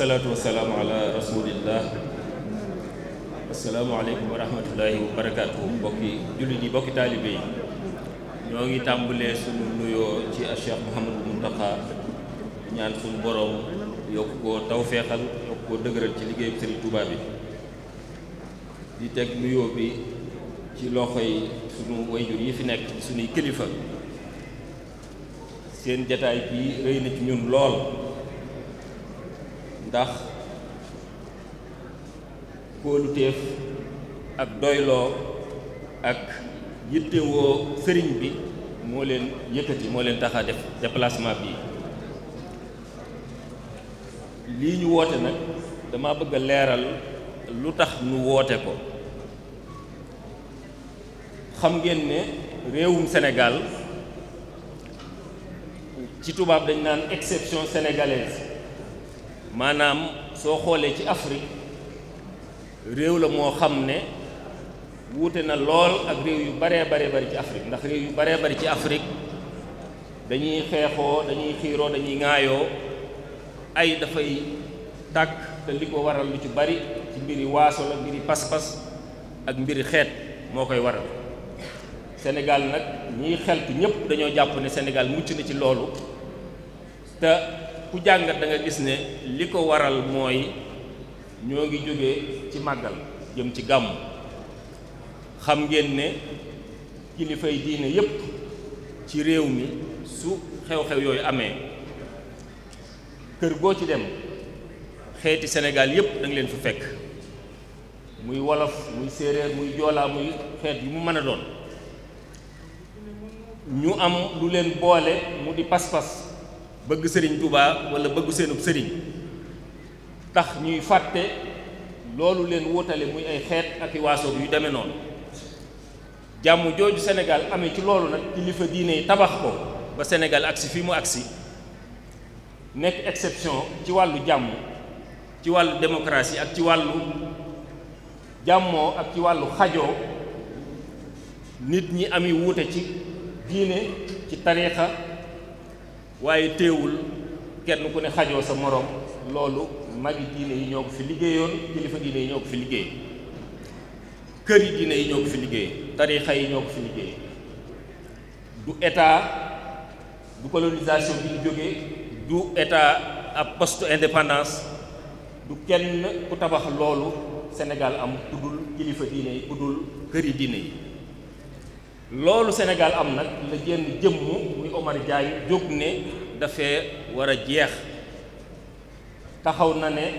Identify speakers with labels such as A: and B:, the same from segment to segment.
A: wasalaatu wasalaamu ala rasulillah asalaamualeykum wa rahmatullahi wa barakaatu mbokki jullit yi mbokki taalibe yi ñoo ngi tàmbalee sunu nuyoo ci a Cheikh Mouhamadou Mountakha ñaan sunu boroom yokk koo tawféexal yokk koo dëgëral ci liggéeyu Sëriñ Tuubaa di teg nuyoo bi ci loxoy sunu wayjur yi fi nekk suñuy kilifa seen jataay bi rëy na ci ñun lool ndax kóoluteef ak doyloo ak yittewoo sëriñ bi moo leen yëkkati moo leen tax a def déplacement bi lii ñu woote nag dama bëgg leeral lu tax ñu woote ko xam ngeen ne réewum Sénégal ci tubaab dañ naan exception sénégalaise maanaam soo xoolee ci Afrique réew la moo xam ne wuute na lool ak réew yu baree baree bari ci Afrique ndax réew yu baree bari ci Afrique dañuy xeexoo dañuy xiiroo dañuy ŋaayoo ay dafay tàkk te li ko waral lu ci bari ci mbiri waaso la mbiri pas-pas ak mbiri xeet moo koy waral Sénégal nag ñiy xeltu ñëpp dañoo jàpp ne Sénégal mucc na ci loolu te ku jàngat danga gis ne li ko waral mooy ñoo ngi jóge ci màggal jëm ci gàmm xam ngeen ne kilifay diine yépp ci réew mi su xew-xew yooyu amee kër goo ci dem xeeti Sénégal yépp da leen fi fekk muy wolof muy séeréer muy joolaa muy xeet yu mu mën a doon ñu am lu leen boole mu di pas-pas bëgg sëriñ Touba wala bëgg seenub sëriñ tax ñuy fàtte loolu leen wutale muy ay xeet ak i waasoog yu demee noonu jàmm jooju senegal amee ci loolu nag kilifa diine yi tabax ko ba senegal agsi fi mu agsi nekk exception ci wàllu jàmm ci wàllu démocratie ak ci wàllu jàmmoo ak ci wàllu xajoo nit ñi ami wuute ci diine ci tariixa waaye téewul kenn ku ne xajoo sa moroom loolu mag diine yi ñoo ko fi liggéeyoon kilifa diine yi ñoo ko fi liggéey kër yi diine yi ñoo ko fi liggéey tarixa yi ñoo ko fi liggéey du état du colonisation bi ñu jógee du état ab poste indépendance du kenn ku tabax loolu Sénégal am tuddul kilifa diine yi tuddul kër yi diine yi loolu Sénégal am nag la génn jëmm muy Omar Diagne jóg ne dafee war a jeex taxaw na ne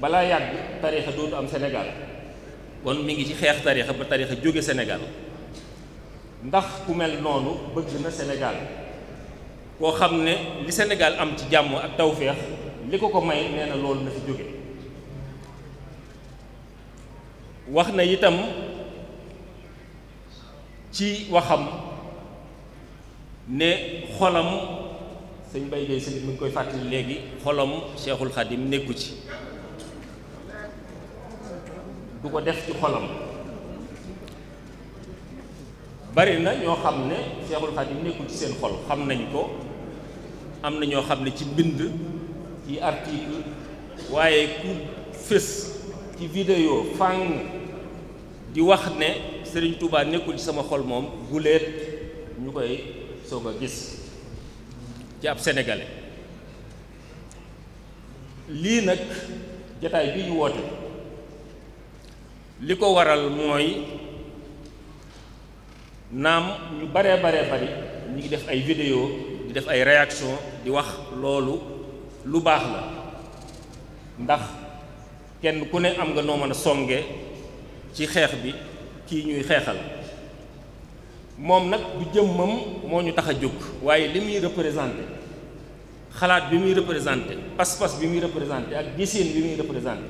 A: balaa yàgg tarixa dootu am Sénégal kon mi ngi ci xeex tarixa ba tarixa jóge Sénégal ndax ku mel noonu bëgg na Sénégal koo xam ne li Sénégal am ci jàmm ak tawféex li ko ko may nee na loolu na fi jóge wax na itam ci waxam ne xolam sëñ Baye Gueye sëñ mi ngi koy fàttali léegi xolam Cheikhul Khadim nekku ci du ko def ci xolam bari na ñoo xam ne Cheikhul Khadim nekkul ci seen xol xam nañ ko am na ñoo xam ne ci mbind ci article waaye ku fës ci vidéo fang di wax ne Serigne tuubaa nekkul ci sama xol moom guléet ñu koy soog a gis ci ab sénégalais lii nag jataay bi ñu woote li ko waral mooy naam ñu baree baree bari ñu ngi def ay vidéo di def ay réaction di wax loolu lu baax la ndax kenn ku ne am nga noo mën a songe ci xeex bi kii ñuy xeexal moom nag bu jëmmam moo ñu tax a jóg waaye li muy représenté xalaat bi muy représenté pas-pas bi muy représenté ak gisin bi muy représenté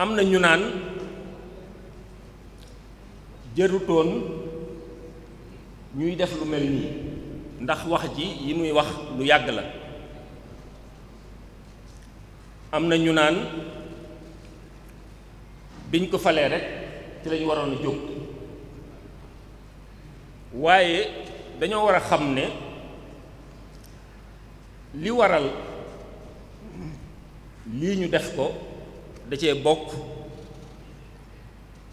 A: am na ñu naan jërutoon ñuy def lu mel nii ndax wax ji yi muy wax lu yàgg la am na ñu naan biñ ko falee rek ci lañu waroon a jóg waaye dañoo war a xam ne li waral lii ñu def ko da bokk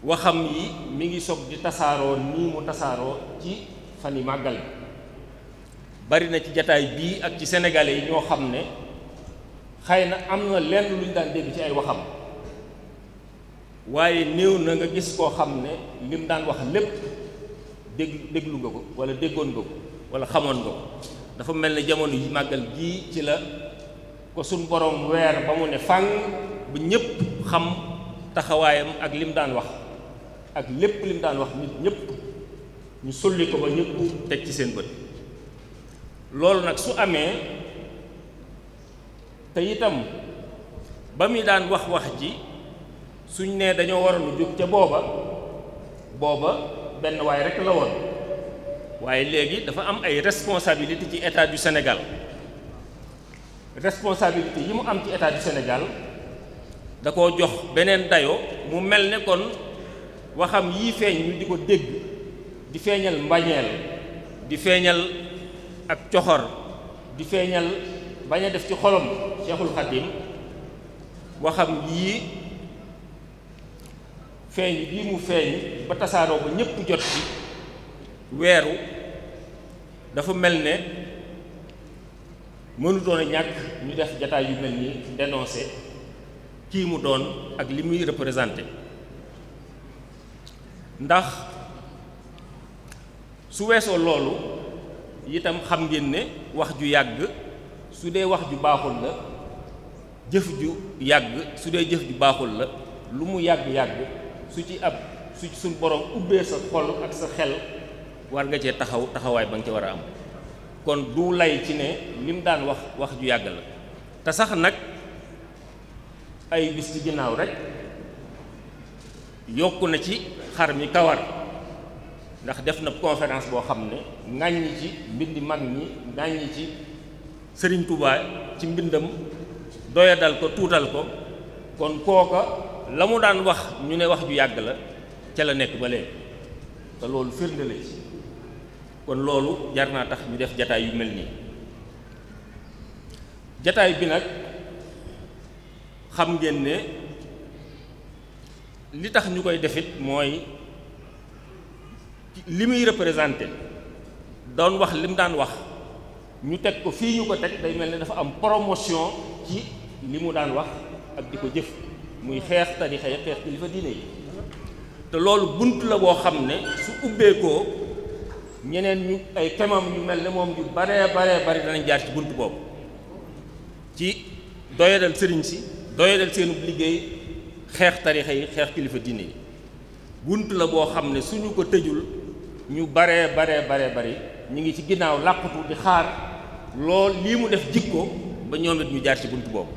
A: waxam yi mi ngi soog di tasaaroo nii mu tasaaroo ci fan yi màggal bari na ci jataay bii ak ci sénégalais yi ñoo xam ne xëy na am na lenn luñ daan dégg ci ay waxam waaye néew na nga gis koo xam ne li mu daan wax lépp dégg déglu nga ko wala déggoon nga ko wala xamoon nga ko dafa mel ne jamono yi màggal gii ci la ko suñ borom weer ba mu ne fànn ba ñépp xam taxawaayam ak li mu daan wax ak lépp lim daan wax nit ñëpp ñu sulli ko ba ñëpp teg ci seen bët loolu nag su amee te itam ba muy daan wax wax ji suñ nee dañoo waroon jóg ca booba booba benn waay rek la woon waaye léegi dafa am ay responsabilité ci état du senegal responsabilité yi mu am ci état du senegal da koo jox beneen dayo mu mel ne kon waxam yii feeñ ñu di ko dégg di feeñal mbañeel di feeñal ak coxor di feeñal bañ a def ci xolom Cheikhul Khadim waxam yii feeñ bii mu feeñ ba tasaaroo ba ñëpp jot ci weeru dafa mel ne mënutoon a ñàkk ñu def jataay yu mel nii dénoncé kii mu doon ak li muy représenté ndax su weesoo loolu itam xam ngeen ne wax ju yàgg su dee wax ju baaxul la jëf ju yàgg su dee jëf ju baaxul la lu mu yàgg-yàgg su ci ab su ci suñ borom ubbee sa xol ak sa xel war nga cee taxaw taxawaay ba nga ci war a am kon du lay ci ne lim daan wax wax ju yàgg la te sax nag ay bis ci ginnaaw rek yokk na ci xar mi kawar ndax def na conférence boo xam ne ŋàññi ci mbindi mag ñi ŋàññi ci Sëriñ Tuubaa ci mbindam doyadal ko tuutal ko kon kooka la mu daan wax ñu ne wax ju yàgg la ca la nekk ba léegi te loolu firnde la ci kon loolu jar naa tax ñu def jataay yu mel nii jataay bi nag xam ngeen ne li tax ñu koy defit mooy li muy représenté doon wax li mu daan wax ñu teg ko fii ñu ko teg day mel ni dafa am promotion ci li mu daan wax ak di ko jëf muy xeex tarixa yi xeex kilifa diine yi te loolu bunt la boo xam ne su ubbeekoo ñeneen ñu ay xemam ñu mel ne moom yu bare baree bari danañ jaar ci bunt boobu ci doyadal sëriñ si doyadal seenub liggéey xeex tarixa yi xeex kilifa diine yi bunt la boo xam ne suñu ko tëjul ñu baree baree baree bari ñu ngi ci ginnaaw làqatu di xaar lool lii mu def jikko ba ñoom it ñu jaar ci bunt boobu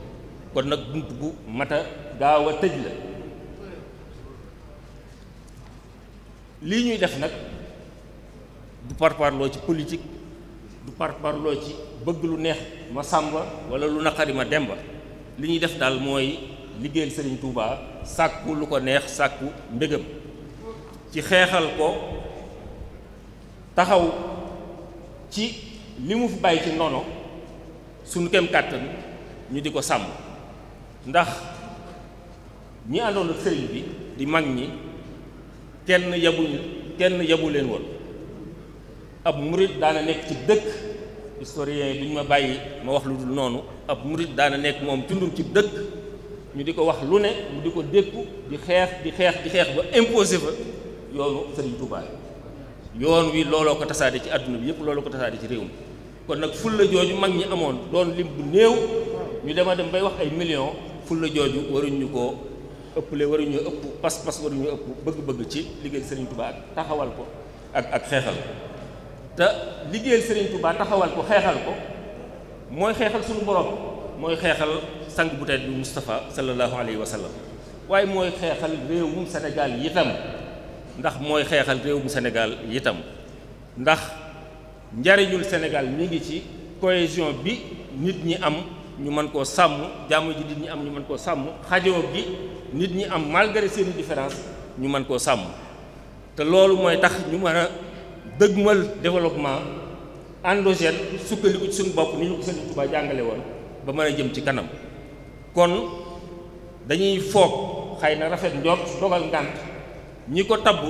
A: kon nag bunt bu mata gaaw a tëj la lii ñuy def nag du parparloo ci politik du parparloo ci bëgg lu neex ma sàmba wala lu naqari ma demba li ñuy def daal mooy liggéeyal Serigne Touba sàkku lu ko neex sàkku mbégam ci xeexal ko taxaw ci li mu fi bàyyi ci ndono suñu kem kàttan ñu di ko sàmm ndax ñi àndoon ak sëriñ bi di mag ñi kenn yabu kenn yabu leen woon ab murit daana nekk ci dëkk historien yi duñ ma bàyyi ma wax lu dul noonu ab murit daana nekk moom tundum ci dëkk ñu di ko wax lu ne mu di ko dékku di xeex di xeex di xeex ba imposé fa yoonu sëriñ Touba yoon wi looloo ko tasaade ci àdduna bi yëpp looloo ko tasaade ci réew mi kon nag fulla jooju mag ñi amoon doon lim bu néew ñu dema dem bay wax ay million fulla jooju waruñ ñu koo ëpp ëppale waruñu ëpp pas-pas waruñu ëpp bëgg-bëgg ci liggéeyal Serigne Touba ak taxawal ko ak ak xeexal te liggéeyal Serigne Touba taxawal ko xeexal ko mooy xeexal suñu borom mooy xeexal sang bu tedd bi Moustapha sallallahu alayhi wa waaye mooy xeexal réewum Sénégal yitam ndax mooy xeexal réew réewum senegal yitam ndax njariñul senegal mi ngi ci cohésion bi nit ñi am ñu mën koo sàmm jàmm ji nit ñi am ñu mën koo sàmm xajoo bi nit ñi am malgré seeni différence ñu mën koo sàmm te loolu mooy tax ñu mën a dëgmal développement endogène sukkandiku ci suñu bopp ni ñu ko Sëriñ Tuubaa jàngale woon ba mën a jëm ci kanam kon dañuy foog xëy na rafet njort dogal ngànt ñi ko tabb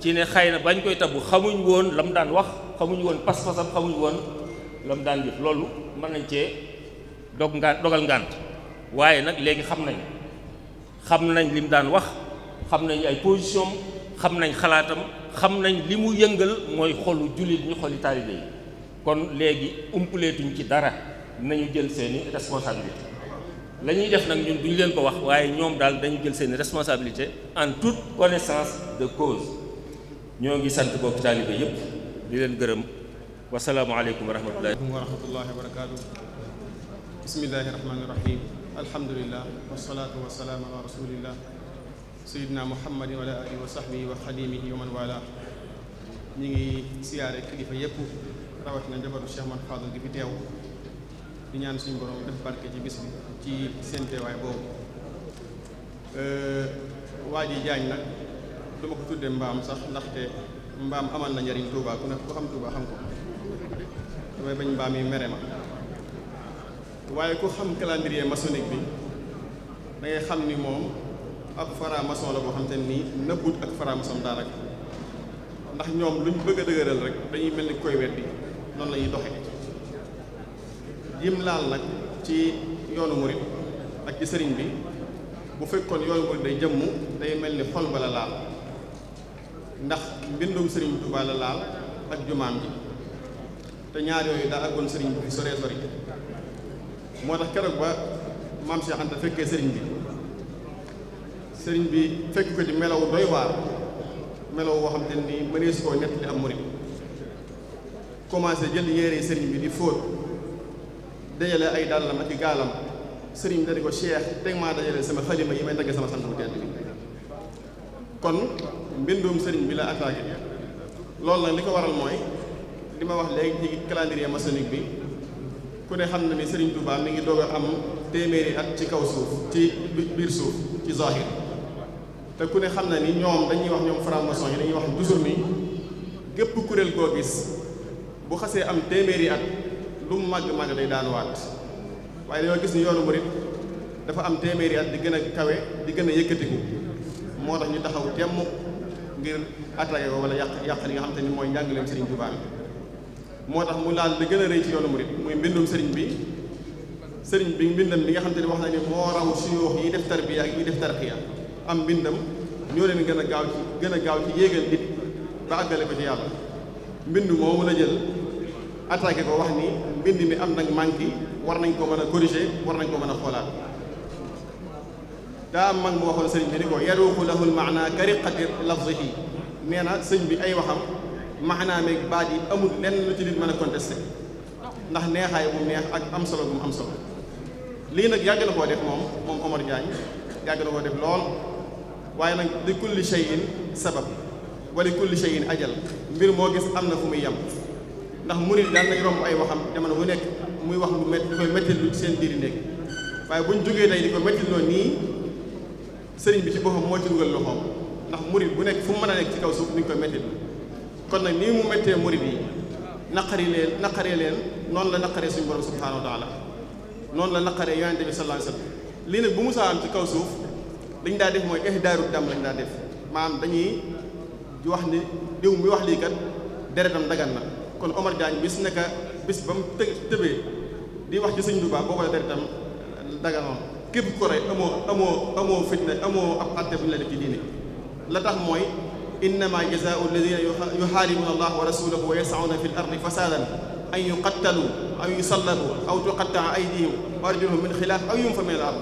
A: ci ne xëy na bañ koy tabb xamuñ woon la mu daan wax xamuñ woon pas-pasam xamuñ woon la mu daan jëf loolu mën nañ cee dog ngaan dogal ngànt waaye nag léegi xam nañ xam nañ li mu daan wax xam nañ ay position xam nañ xalaatam xam nañ li mu yëngal mooy xolu jullit ñu xoli taalibe yi kon léegi umpaleetuñ ci dara nañu jël seeni responsabilité la ñuy def nag ñun duñu leen ko wax waaye ñoom daal dañu jël seeni responsabilité en tout connaissance de cause ñoo ngi sant bokk taalibe yëpp di leen gërëm wasalaamualeykum wa rahmatullahi wa
B: rahmatullahi wa barakaatu bismillahi rahmaani rahim alhamdulillah alhamdulilah wasalaatu wasalaam ala rasulillah sayidina muhammadin wa ala alihi wa sahbihi wa xadimihi wa man wala ñu ngi siyaare kilifa yépp rawatina njabootu Cheikh Man Fadal gi fi teew di ñaan suñu borom def barke ci bis bi ci seen teewaay boobu waa ji jaañ nag du ko tuddee mbaam sax ndaxte mbaam amal na njariñ Touba ku nekk ko xam Touba xam ko damay bañ mbaam yi mere ma waaye ko xam calendrier maçonnique bi da xam ni moom ab franc la boo xam te nii nëbbut ak franc-maçon daanaka ndax ñoom lu ñu bëgg a dëgëral rek dañuy mel ni koy weddi noonu la ñuy doxee yim laal nag ci yoonu murit ak ci sëriñ bi bu fekkoon yoonu murit day jëmm day mel ni xol ba la laal ndax mbindum sëriñ Tuubaa la laal ak jumaam ji te ñaar yooyu daa àggoon sëriñ bi sore sori moo tax keroog ba maam Cheikh Anta fekkee sëriñ bi sëriñ bi fekk ko ci melaw doy waar melaw woo xam te mënees koo nett li am murit commencé jël yére sëriñ bi di fóot dajale ay dàllam ak i gaalam sëriñ bi dadi ko Cheikh teg maa dajale sama xalima yi may dagg sama sant bu tedd bi kon mbindum sëriñ bi la attaqué loolu nag li ko waral mooy li ma wax léegi ci ma maçonnique bi ku ne xam na ni Serigne Touba mi ngi doog am téeméeri at ci kaw suuf ci biir suuf ci zahir te ku ne xam na ni ñoom dañuy wax ñoom franc yi dañuy wax toujours ni gépp kuréel koo gis bu xasee am téeméeri at lu mu màgg-màgg daan daanuwaat waaye dañoo gis ni yoonu murit dafa am téeméeri at di gën a kawe di gën a yëkkatiku moo tax ñu taxaw temm ngir attaqué ko wala yàq yàq li nga xam te ni mooy njàngaleem Serigne Touba moo tax mu laal li gën a rëy ci yoonu murid muy mbindum sëriñ bi sëriñ bi mbindam bi nga xam te ne wax na ni moo raw suyoox yi def tarbiya ak yi def tarqiya am mbindam ñoo leen gën a gaaw ci gën a gaaw ci yéegal nit ba àggale ko ci yàlla mbind moomu la jël attaqué ko wax ni mbind mi am nag manqué war nañ ko mën a corriger war nañ ko mën a xoolaat daa am mag mu waxoon sëriñ bi ni ko yaruuxu lahul maana kariqati lafzihi nee na sëñ bi ay waxam maanaa meeg baat yi amul lenn lu ci nit mën a contesté ndax neexaay bu neex ak am solo bu mu am solo lii nag yàgg na koo def moom moom Omar Diagne yàgg la koo def lool waaye nag li kulli shay'in sabab wala kulli shay'in ajal mbir moo gis am na fu muy yem ndax murid daan nañ romb ay waxam jamono bu nekk muy wax lu métti di koy métti lu seen biir nekk waaye buñ jógee tey di ko métti loo nii sëriñ bi ci boppam moo ci dugal loxoom ndax murid bu nekk fu mën a nekk ci kaw suuf ni ñu koy kon nag nii mu méttee murid yi naqari leen naqaree leen noonu la naqaree suñu borom subhaanahu wa taala noonu la naqaree yonente bi sallallahu alayhi lii nag bu mu saa am ci kaw suuf liñ daa def mooy ihdaaru dam lañu daa def maanaam dañuy wax ni diw mi wax lii kat deretam dagan na kon Omar Diagne bis naka bis ba mu të tëbee di wax ci sëñ Tuubaa boo koy deretam daganoon képp ku rey amoo amoo amoo fitna amoo ab àtte bu ñu la def ci diine la tax mooy innama jazaau alladina yuxaaribuuna allah wa rasulahu wa yasauuna fi l ardi fasaadan an yuqattalu aw yusallabu aw tuqattaa aydihim wa arjuluhum min xilaaf aw yunfa min al ard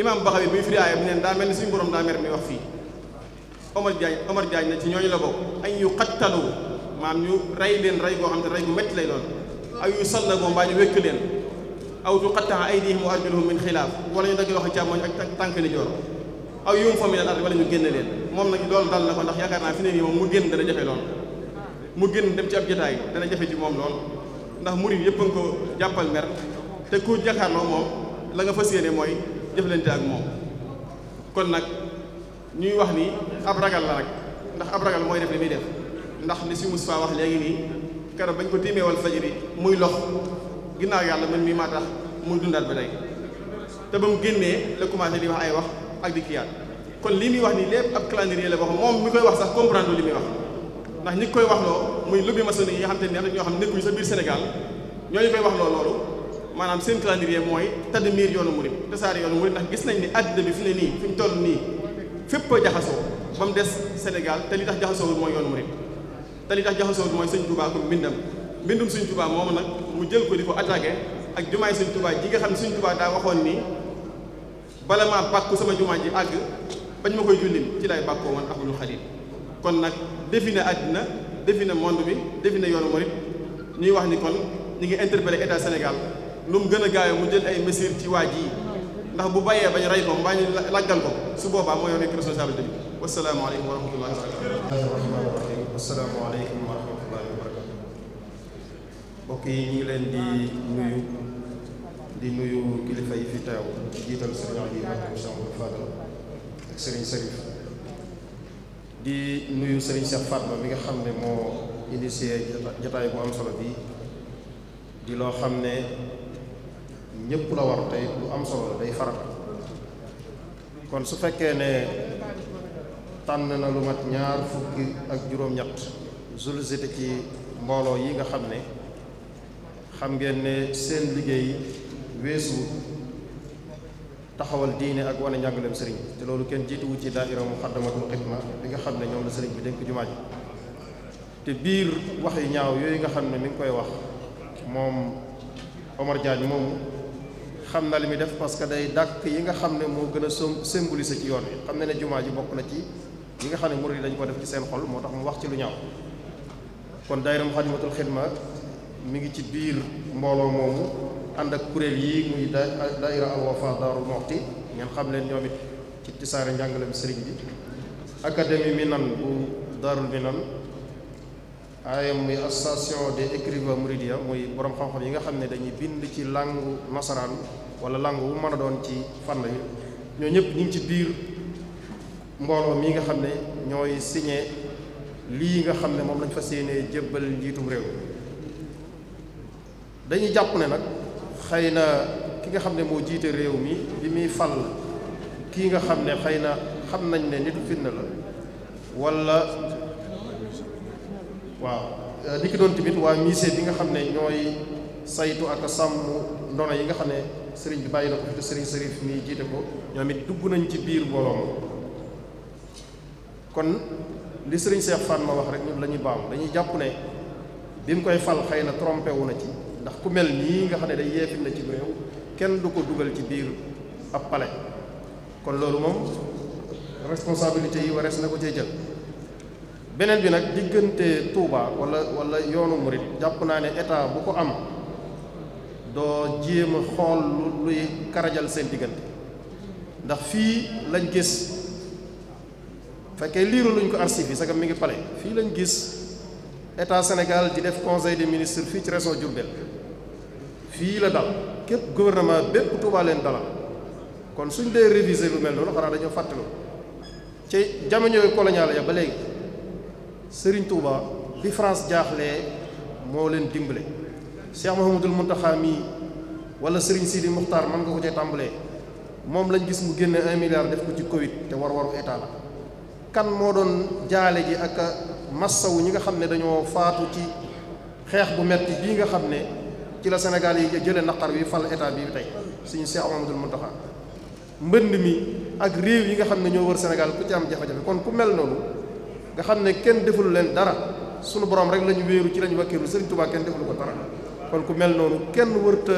B: imaam Baxawi bi firi aaya bi neen daa mel ni suñu borom daa mer mi wax fii Omar Diagne Omar Diagne na ci ñooñu la bokk an yuqattalu maam ñu rey leen rey goo xam te rey bu métti lay doon aw yusallabu mbaa ñu wékk leen aw tuqattaa aydihim wa arjuluhum min xilaaf wala ñu dagg loxo càmmoñ ak tànk ni joor aw yum fa minal ardi wala ñu génne leen moom nag loolu dal na ko ndax yaakaar naa fi ne nii moom mu génn dana jafe lool mu génn dem ci ab jotaay dana jafe ci moom lool ndax murid yëpp a nga ko jàppal mer te ku jàkkaarloo moom la nga fas yéene mooy jëflante ak moom kon nag ñuy wax ni ab ragal la rek ndax ab ragal mooy def li muy def ndax li si Moustapha wax léegi nii keroog bañ ko tiimee wal fajiri muy lox ginnaaw yàlla man mii maa tax muy dundaat ba tey te ba mu génnee la di wax ay wax ak di kiyaat kon lii muy wax nii lépp ab calendrier la boo moom mi koy wax sax comprendre li muy wax ndax ñi koy wax loo muy lobby maçonnique yi nga xam ne am na ñoo xam nekkuñu sa biir Sénégal ñooñu koy wax loo loolu maanaam mooy tëdd miir yoonu murid tasaare yoonu murid ndax gis nañ ni àddina bi fi ne nii fi mu toll nii fépp a jaxasoo ba mu des Sénégal te li tax jaxasoowul mooy yoonu murid te li tax jaxasoowul mooy sëñ Touba ko mbindam mbindum sëñ Touba moom nag mu jël ko di ko attaqué ak jumaay sëñ Touba ji nga xam ne sëñ Touba daa waxoon nii bala maa bàkku sama jumaa ji àgg bañ ma koy jullim ci lay bàkkoo man abdul xalil kon nag defi na àddina defi na mond bi defi na yoonu murit ñuy wax ni kon ñu ngi interpellé état Sénégal lu mu gën a gaawee mu jël ay mesures ci waa ji ndax bu bàyyee bañ rey ko mbaa ñu laggal ko su boobaa moo yor nekk responsabilité bi wasalaamaaleykum wa rahmatullahi wa barakatuh asalaamaaleykum wa rahmatullahi
C: yi ñu ngi leen di nuyu di nuyu kilifa yi fi teew di jiital sëriñ Aliou Mbacke Sambour Fadal ak sëriñ Serif di nuyu sëriñ Cheikh Fatma mi nga xam ne moo initié jataay bu am solo bi di loo xam ne ñëpp la war tey lu am solo la day faral kon su fekkee ne tànn na lu mat ñaar fukki ak juróom-ñett zulzite ci mbooloo yi nga xam ne xam ngeen ne seen liggéey weesu taxawal diine ak wane njàngaleem sëriñ bi te loolu kenn jiituwu ci daaira Muxaddamatul Xidma bi nga xam ne ñoom la sëriñ bi dénk jumaa ji te biir wax yu ñaaw yooyu nga xam ne mi ngi koy wax moom Omar Diagne moomu xam na li muy def parce que day dàkk yi nga xam ne moo gën a symboliser ci yoon wi xam ne ne jumaa ji bokk na ci yi nga xam ne murid yi dañ ko def ci seen xol moo tax mu wax ci lu ñaaw kon daayira Muxaddamatul Xidma mi ngi ci biir mbooloo moomu ànd ak kuréel yi muy daaira al wafa daarul muxti ngeen xam leen ñoom it ci tisaare njàngalem sëriñ bi académie minan bu daarul minan ayam muy association des écrivains mouridiya muy borom xam-xam yi nga xam ne dañuy bind ci langu nasaraan wala langu bu mën a doon ci fànn yi ñoo ñëpp ñu ngi ci biir mbooloo mi nga xam ne ñooy signé lii nga xam ne moom lañ fa yéenee jébbal njiitum réew dañuy jàpp ne nag xëy na ki nga xam ne moo jiite réew mi bi muy fal kii nga xam ne xëy na xam nañ ne nitu fitna la wala waaw euh, li ki doon tamit waa miise bi nga xam ne ñooy saytu ak sàmm ndono yi nga xam ne sëriñ bi bàyyi na ko fi te sëriñ sërif mi jiite ko ñoom it dugg nañu ci biir mbooloo kon li sëriñ Cheikh Fan ma wax rek ñun la ñuy dañuy jàpp ne bi mu koy fal xëy na trompé wu na ci ndax ku mel nii nga xam ne day yeefit na ci bi réew kenn du ko dugal ci biir ab pale kon loolu moom responsabilité yi warees na ko cee jël beneen bi nag diggante Touba walla wala yoonu murit jàpp naa ne état bu ko am doo jéem a xool luy karajal seen diggante ndax fii lañ gis fekkee liiru luñ ko archive bi sagam mi ngi pale fii lañ gis état Sénégal di def conseil des ministre fii ci région Diourbel fii la dal képp gouvernement bépp Touba leen dalal kon suñ dee réviser lu mel noonu xanaa dañoo fàttalu ci jamonoy colonial ya ba léegi Serigne Touba bi France jaaxlee moo leen dimbale Cheikh Mouhamadoul Mountakha mii wala Serigne Sidi Muxtaar mën nga ko cee tàmbalee moom lañ gis mu génne un milliard def ko ci Covid te war-waru état la kan moo doon jaale ji ak massawu ñi nga xam ne dañoo faatu ci xeex bu metti bii nga xam ne. ci la Sénégal yi jëlee naqar wi fal état bi tey suñu Cheikh Amadou Mountakha mbënn mi ak réew yi nga xam ne ñoo wër Sénégal ku ci am jafe-jafe kon ku mel noonu nga xam ne kenn deful leen dara suñu borom rek la ñu wéeru ci la ñu wàkkeeru Sëriñ Tuubaa kenn deful ko dara kon ku mel noonu kenn wërta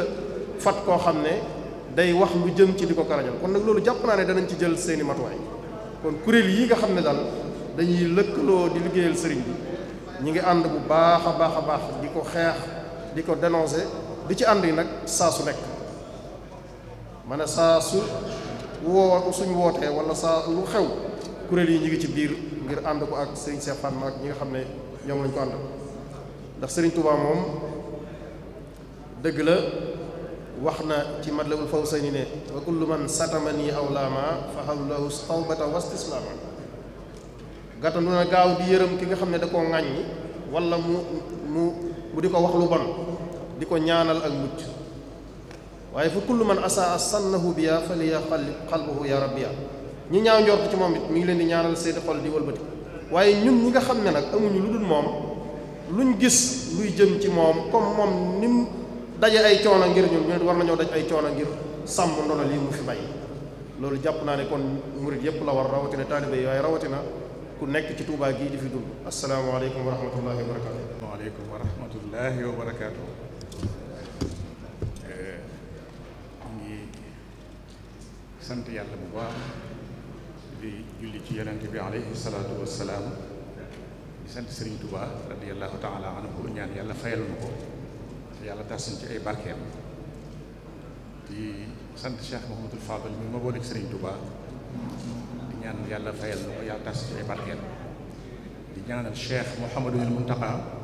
C: fat koo xam ne day wax lu jëm ci di ko karajal kon nag loolu jàpp naa ne danañ ci jël seeni matuwaay kon kuréel yi nga xam ne daal dañuy lëkkaloo di liggéeyal sëriñ bi ñu ngi ànd bu baax a baax a baax di ko xeex di ko dénoncer di ci ànd yi nag saa su nekk ma ne saa su woo suñ wootee wala saa lu xew kuréel yi ñu ci biir ngir ànd ko ak Serigne Cheikh Fatma ak ñi nga xam ne ñoom lañ ko ànd ndax Serigne Touba moom dëgg la wax na ci Matlabul Fawzayni ne wa kullu man satamani aw laama fa hawlahu tawbata wa istislaama gàttandu na gaaw di yërëm ki nga xam ne da koo ŋàññi wala mu mu bu di ko wax lu bon di ko ñaanal ak mucc waaye fa kullu man asaa sannahu bi yaa fali ya xalbuhu ya rabbi ya ñi ñaaw njort ci moom it mi ngi leen di ñaanal seeni xol di walbati waaye ñun ñi nga xam ne nag amuñu lu dul moom luñ gis luy jëm ci moom comme moom ni mu daje ay coono ngir ñun ñu war nañoo daj ay coono ngir sàmm ndono lii mu fi bàyyi loolu jàpp naa ne kon murit yëpp la war rawatina taalibe yi waaye rawatina ku nekk ci Tuubaa gi di fi dund asalaamaaleykum wa rahmatullahi wa aleykum wa rahmatullahi
D: wa barakaatu eh, ngi sant yàlla bu baax di julli ci yonent bi aleyhi salaatu wa salaam di sant Sëriñ Tuubaa radiyallahu taala anhu ñaan yàlla fayal na ko te yàlla tas ci ay barkeem di sant Cheikh Mouhamadul Fadal mi ma booleeg Sëriñ Tuubaa di ñaan yàlla fayal na ko yàlla tas ci ay barkeem di ñaanal Cheikh Mouhamadul Muntaqa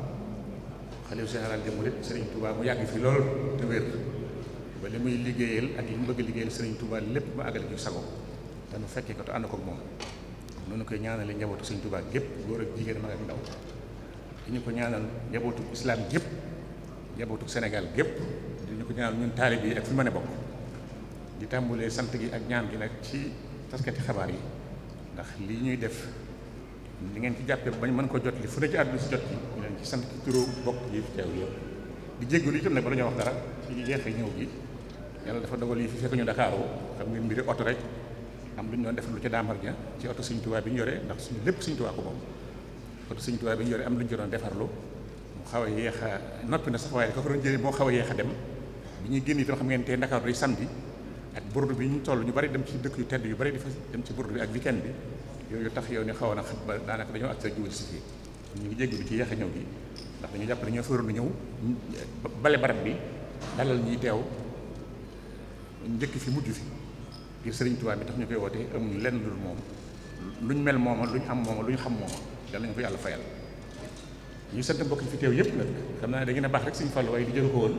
D: xalif général de mourides sëriñ Touba mu yàgg fi lool te wér ba li muy liggéeyal ak li mu bëgg liggéeyal sëriñ lépp mu àggale ci sago te nu fekkee ko te ànd ko ak moom noonu koy ñaanale njabootu sëriñ Touba gépp góor ak jigéen mag ak ndaw di ñu ko ñaanal njabootu islam gépp njabootu Sénégal gépp di ñu ko ñaanal ñun taalib yi ak fi mën a bokk di tàmbulee sant gi ak ñaan gi nag ci taskati xabaar yi ndax lii ñuy def ni ngeen ci ba ñu mën ko jot li fu ne ci àdduna si jot ñu leen ci sant ci turu bokk yi fi teew yëpp di jéggalu itam ne bala ñoo wax dara ci jeexe ñëw gi yàlla dafa dogal yi fi fekk ñu Dakaaru xam ngeen mbiri oto rek am lu ñu doon def lu ci daamar ja ci oto Sëñ Tuubaa bi ñu yore lépp Sëñ Tuubaa ko moom oto Sëñ Tuubaa ñu yore am lu ñu ci doon defarlu mu xaw a yéex a noppi na sax waaye ko fa doon jëlee moo xaw a yéex a dem bi ñuy génn itam xam ngeen tey Dakaaru day samedi ak burdu bi ñu toll ñu bari dem ci dëkk yu tedd yu bari di dem ci burdu bi ak weekend bi yooyu tax yow ni xawoon a xat ba daanaka dañoo ak sa jiwul si fii ñu ngi jégg bi ci yeex ñëw bi ndax dañu jàpp dañoo soroon ñëw bale barab bi dalal ñuy teew njëkk fi mujj fi ngir sëriñ Tuubaa bi tax ñu koy woote amul lenn lu moom luñ mel mooma luñ am mooma ñu xam mooma yàlla nañu ko yàlla fayal ñu sant mbokk yi fi teew yëpp nag xam naa ne da ngeen a baax rek suñu fàllu waaye di jël ko woon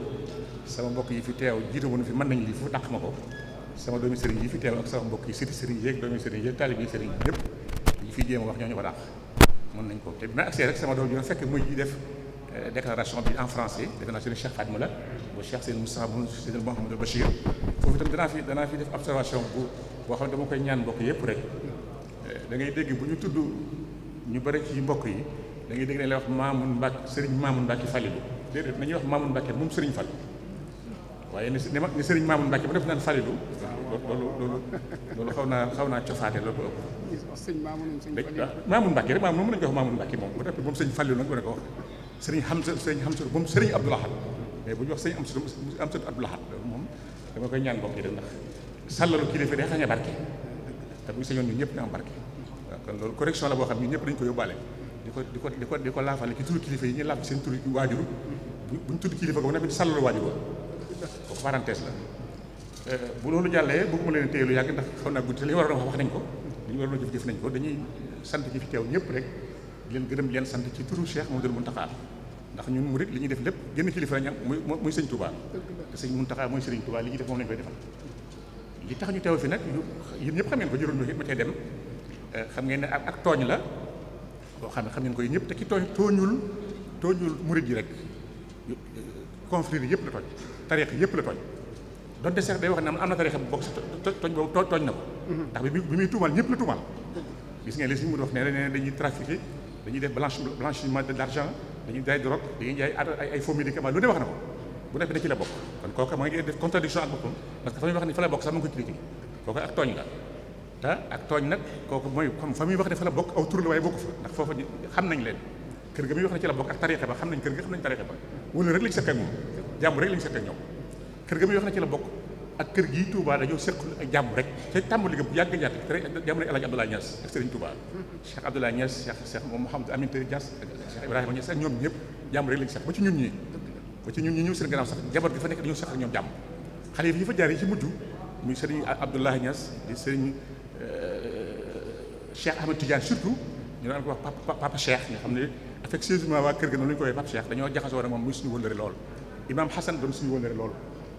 D: sama mbokk yi fi teew jiite woon fi mën nañu lii fu ma ko sama doomi sëriñ yi fi teew ak sama mbokk yi fii jéem a wax ñoo ñu ko dàq mën nañ ko te bi ma agsee rek sama doom ji fekk muy ji def euh, déclaration bi en français defe naa seen Cheikh Fatma la bu Cheikh seen Moussa bu seen Mouhamadou Bachir foofu itam danaa fi danaa fi def observation bu boo xam ne dama koy ñaan mbokk yëpp rek euh, da ngay dégg bu ñu tudd ñu bari ci mbokk yi da ngay dégg ne lay wax Mamoun Mbacke Serigne Mamoun Mbacke Falilou déedéet nañuy wax Mamoun Mbacke moom Serigne Fall waaye ni ni Serigne Mamoun Mbacke ba def naan Falilou loolu loolu loolu xaw naa xaw naa cofaate Maamun Mbàkke rek Maamun mën nañu ko wax Maamun Mbàkke moom ba tey moom sëñ Fallu nag war a ko wax sëriñ Hamsa sëriñ Hamsa moom sëriñ Abdou Lahad mais bu ñu wax sëñ Hamsa Hamsa Abdou Lahad moom dama koy ñaan bokk yi rek ndax sàllalu kilifa day xañee barke te bu sañoon ñu ñëpp ñu am barke
E: waaw
D: kon loolu correction la boo xam ñu ñëpp dañu ko yóbbaale di ko di ko di ko di ko laafale ci turu kilifa yi ñu laaf seen turu waajur bu ñu tudd kilifa ko ba nekk di sàllalu waajur kooku parenthèse la euh, bu loolu jàllee bëgguma leen téye lu yàgg ndax xam naa guddi li waroon wax wax nañ ko ñu waroon a jëf nañ ko dañuy sant ji fi teew ñëpp rek di leen gërëm di leen sant ci turu Cheikh Mouhamadoul Mountakha ndax ñun murid li ñuy def lépp génn kilifa ñam muy muy sëñ Touba te sëñ Mountakha mooy sëriñ Touba li ñuy def moom lañ koy tax ñu teew fi nag yéen ñëpp xam ngeen ko juróom ñoo ma cee dem eh, xam ngeen ne ak tooñ la boo xam ne xam ngeen ko yéen ñëpp te ki tooñ tooñul tooñul murid yi rek eh, conflit yi yëpp la tooñ tariix yëpp la tooñ donte Cheikh day wax ne am na tariix bu bokk si tooñ boobu tooñ na ko ndax bi muy tuumal ñëpp la tuumal gis ngeen li suñu mu wax nee na dañuy trafiqué dañuy def blanchiment de l'argent dañuy jaay dañuy jaay kon kooku ma ngi def contradiction ak boppam parce que fa muy wax ni fa la bokk ak tooñ la ah, te bokk fa ndax foofa xam nañ leen kër ga muy wax ne ci la bokk ak tarixe ba xam nañ kër ga xam nañ tarixe ba wala rek lañ seqee ak moom jàmm rek lañ seqee ak ñoom kër ga muy wax ne ci la ak kër gii tuubaa dañoo seqal ak jàmm rek te tàmbali ga bu yàgg ñaata jamono El Hadj Abdoulaye Niass ak Serigne Touba Cheikh Abdoulaye Niass Cheikh Cheikh moom Mouhamed rek lañ seq ba ci ñun fa nekk dañoo seq ak ñoom jàmm xale yi fa jaar yi ci mujj muy Serigne di Serigne euh, Cheikh Ahmed Tidiane surtout ñu daan ko wax papa papa Cheikh nga xam ne affectueusement waa kër dañoo jaxasoo woon moom muy suñu wëllëre lool Imam Hassan doon suñu wëllëre lool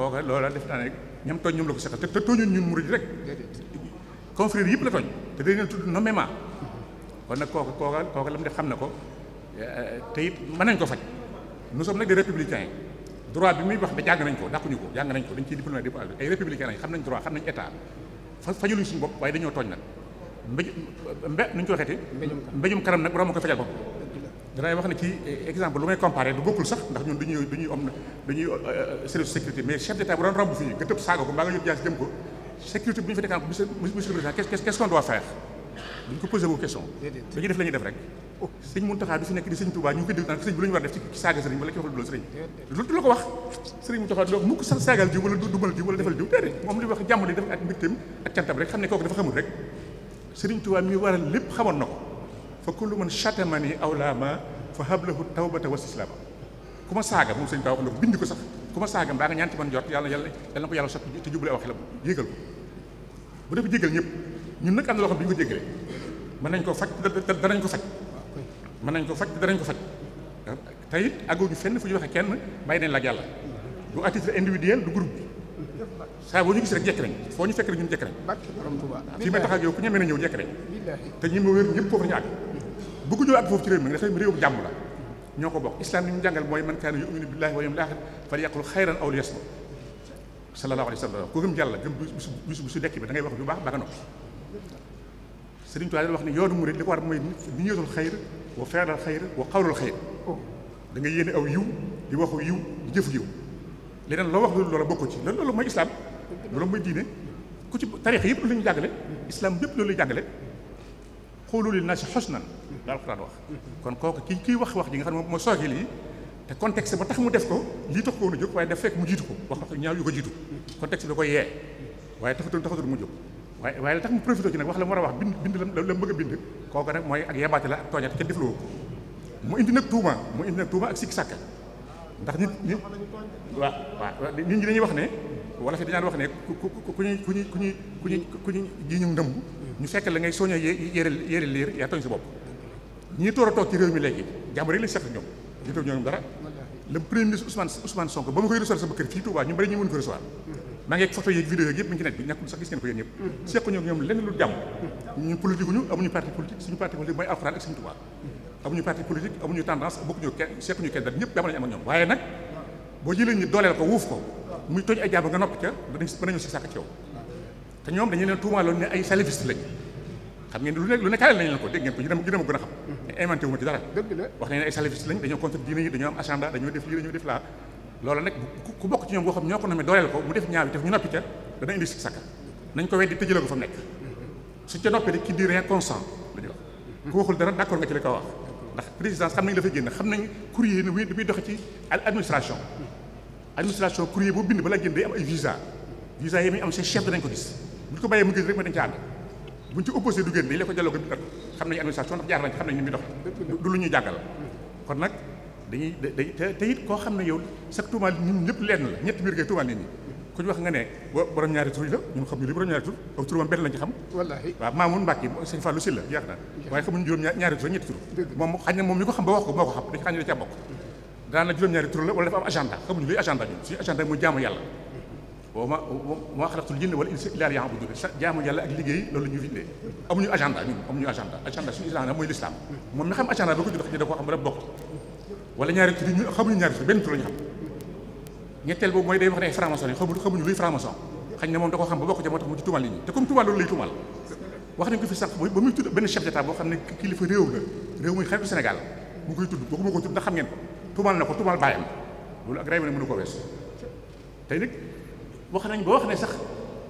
D: kooka loola def naa ne ñam tooñ ñoom la ko seqal te tooñu ñun murid rek confrères yëpp la tooñ te dañ leen tudd nommément kon nag kooka kooka la mu def xam na ko eh, eh, te it mën nañ ko faj nous sommes nag des républicains droit bi muy wax ba jàng nañ ko dàquñu nañ ko dañ ciy diplômé di ay républicains xam nañ droit xam nañ état fajaluñ suñu bopp waaye dañoo tooñ nag mbéj mbé nuñ ko waxeeti mbéjum kanam nag borom ma ko fajal bopp danaay wax ne ci exemple lu may comparé du bokkul sax ndax ñun du ñuy du ñuy euh, service sécurité mais chef d'état bu doon romb fii nga tëb saaga ko mbaa nga yóbbu jaasi jëm ko sécurité bu ñu fa déclenché monsieur monsieur le ko wax oh. lu dul sëriñ du la ko mukk sax saagal jiw wala dumal jiw wala defal jiw déedéet moom li wax jàmm li def ak mbégteem ak cantam rek xam ne kooku dafa xamul rek sëriñ Touba mi waral lépp xamoon na ko fa kullu man chatamani aw laama fa hablahu tawbata wa istislaama ku ma saaga moom sëñ Tuubaa wax na bind ko sax ku ma saaga mbaa nga ñaan ci man jot yàlla yàlla yàlla na ko yàlla sotti te jubale aw xelam yégal ko bu def jégal ñëpp ñun nag am na loo xam mën nañ ko faj danañ ko faj mën nañ ko faj danañ ko faj te it ñu fenn fu ñu waxee kenn bàyyi nañ la ak yàlla du à titre individuel du groupe bi saa boo ñu gis rek jekk nañ foo ñu fekk rek ñun jekk nañ fii may tax ak yow ku ñemee na ñëw jekk nañ te ñi ma wér ñëpp foofu la bëgguñoo àgg foofu ci réew mi nga xam réew jàmm la ñoo ko bokk islam ni ñu jàngal mooy man kaana yuminu billahi wa yawmil axir falyaqul xayran aw liyasmut sallallahu alayhi wa sallam ku gëm dekk da ngay wax bu baax ba nga noppi Sëriñ Tuubaa dañu wax ne yoonu murid li ko war mooy ni ñëetul xayr wa feeral xayr wa xawlul xayr da nga yéene aw yiw di waxu yiw di jëf yiw leneen loo wax loolu loola bokk ci loolu loolu mooy islam loolu mooy diine ku ci tariix yëpp lu ñu jàngale islam yëpp loolu la jàngale xoolu li naa la alxuraan wax kon kooku ki kiy wax wax ji nga xam ne moom moo sooke lii te contexte ba tax mu def ko lii tax ko woon a jóg waaye daf fekk mu jiitu ko wax wax ñaaw ko jiitu contexte bi da koy yee waaye taxatul taxatul mu jóg waaye waaye la tax mu profité ci nag wax la mu war a wax bind bind la la bëgg a bind kooku nag mooy ak yebaate la ak tooñate ca defloo ko mu indi nag tuuma mu indi nag tuuma ak sikki sàkka ndax nit nit waaw waaw nit ñi dañuy wax ne wala fi dañaan wax ne ku ku ñuy ku ñuy ku ñuy ku ñuy ku ñuy ji ñu ndëmb ñu fekk la ngay sooño yé yére yére liir yaa tooñ bopp ñi toor a toog ci réew mi léegi jàmm rek lañ seq ñoom jotoo ñoom dara le premier ministre Ousmane Ousmane Sonko ba ma koy recevoir sama kër fii Touba ko recevoir maa ngi ak photo yeeg vidéo yeeg ñoom lenn lu jàmm ñu politique ñu amuñu parti politique suñu parti politique mooy alxuraan ak suñu Touba amuñu parti politique amuñu tendance bokkuñu kenn seq ñu kenn dara ñëpp jàmm lañu am ñoom waaye nag boo jëlee ñu dooleel ko wuuf ko muy toj ay jàmm nga noppi ca danañ mën nañu si sàkk ci te ñoom dañu leen tuumaaloon ne ay salafiste lañ xam ngeen lu ne lu ne taaleel nañ leen ko dégg ngeen ko ñu gën a ma gën a xam mm-hmm. te inventé wu ma ci dara wax nañ ay salafiste lañ dañoo contre diine def lii dañoo xam ñoo ko namee dooleel ko mu def ñaaw yi def ñu noppi ca dana indi sakka nañ ko weddi tëjale mm-hmm. d'accord nga ci li ko wax ndax présidence xam nañ dafay génn xam nañ courrier ni muy doxe ci administration mm-hmm. administration courrier bu bind bala génn day am ay visa visa yi am seen chef danañ ko gis bu ñu ko bàyyee mu gis rek ma dañ ca buñ ci opposé du génn dañ la ko koo xam ne yow sa tuumaal ñun ñëpp lenn la ñetti mbir nga ne borom ñaari tur yi la ñun xam ñu li borom ñaari tur moom benn lañ ci xam wallaahi waaw Maamun Mbàkke sëñ Fallou Sylla yàq na waaye xamuñu ko xam ko moo ko na juróom-ñaari tur la wala dafa am agenda xamuñu luy agenda ñun suñu agenda mooy jaamu yàlla wa ma ma xalaqtul jinna wal insa illa liya'budun jaamu yàlla xam agenda ko jël wax ne franc yi xamuñu xam ba bokk ci moo tax te comme tuumal loolu lay tuumal wax nañ ko fi sax ba muy ne kilifa réew la réew ko tudd ndax xam ngeen ko tuumal na ko tuumal bàyyam loolu ak ray ne mënu ko wees tey nag wax nañ ba wax ne sax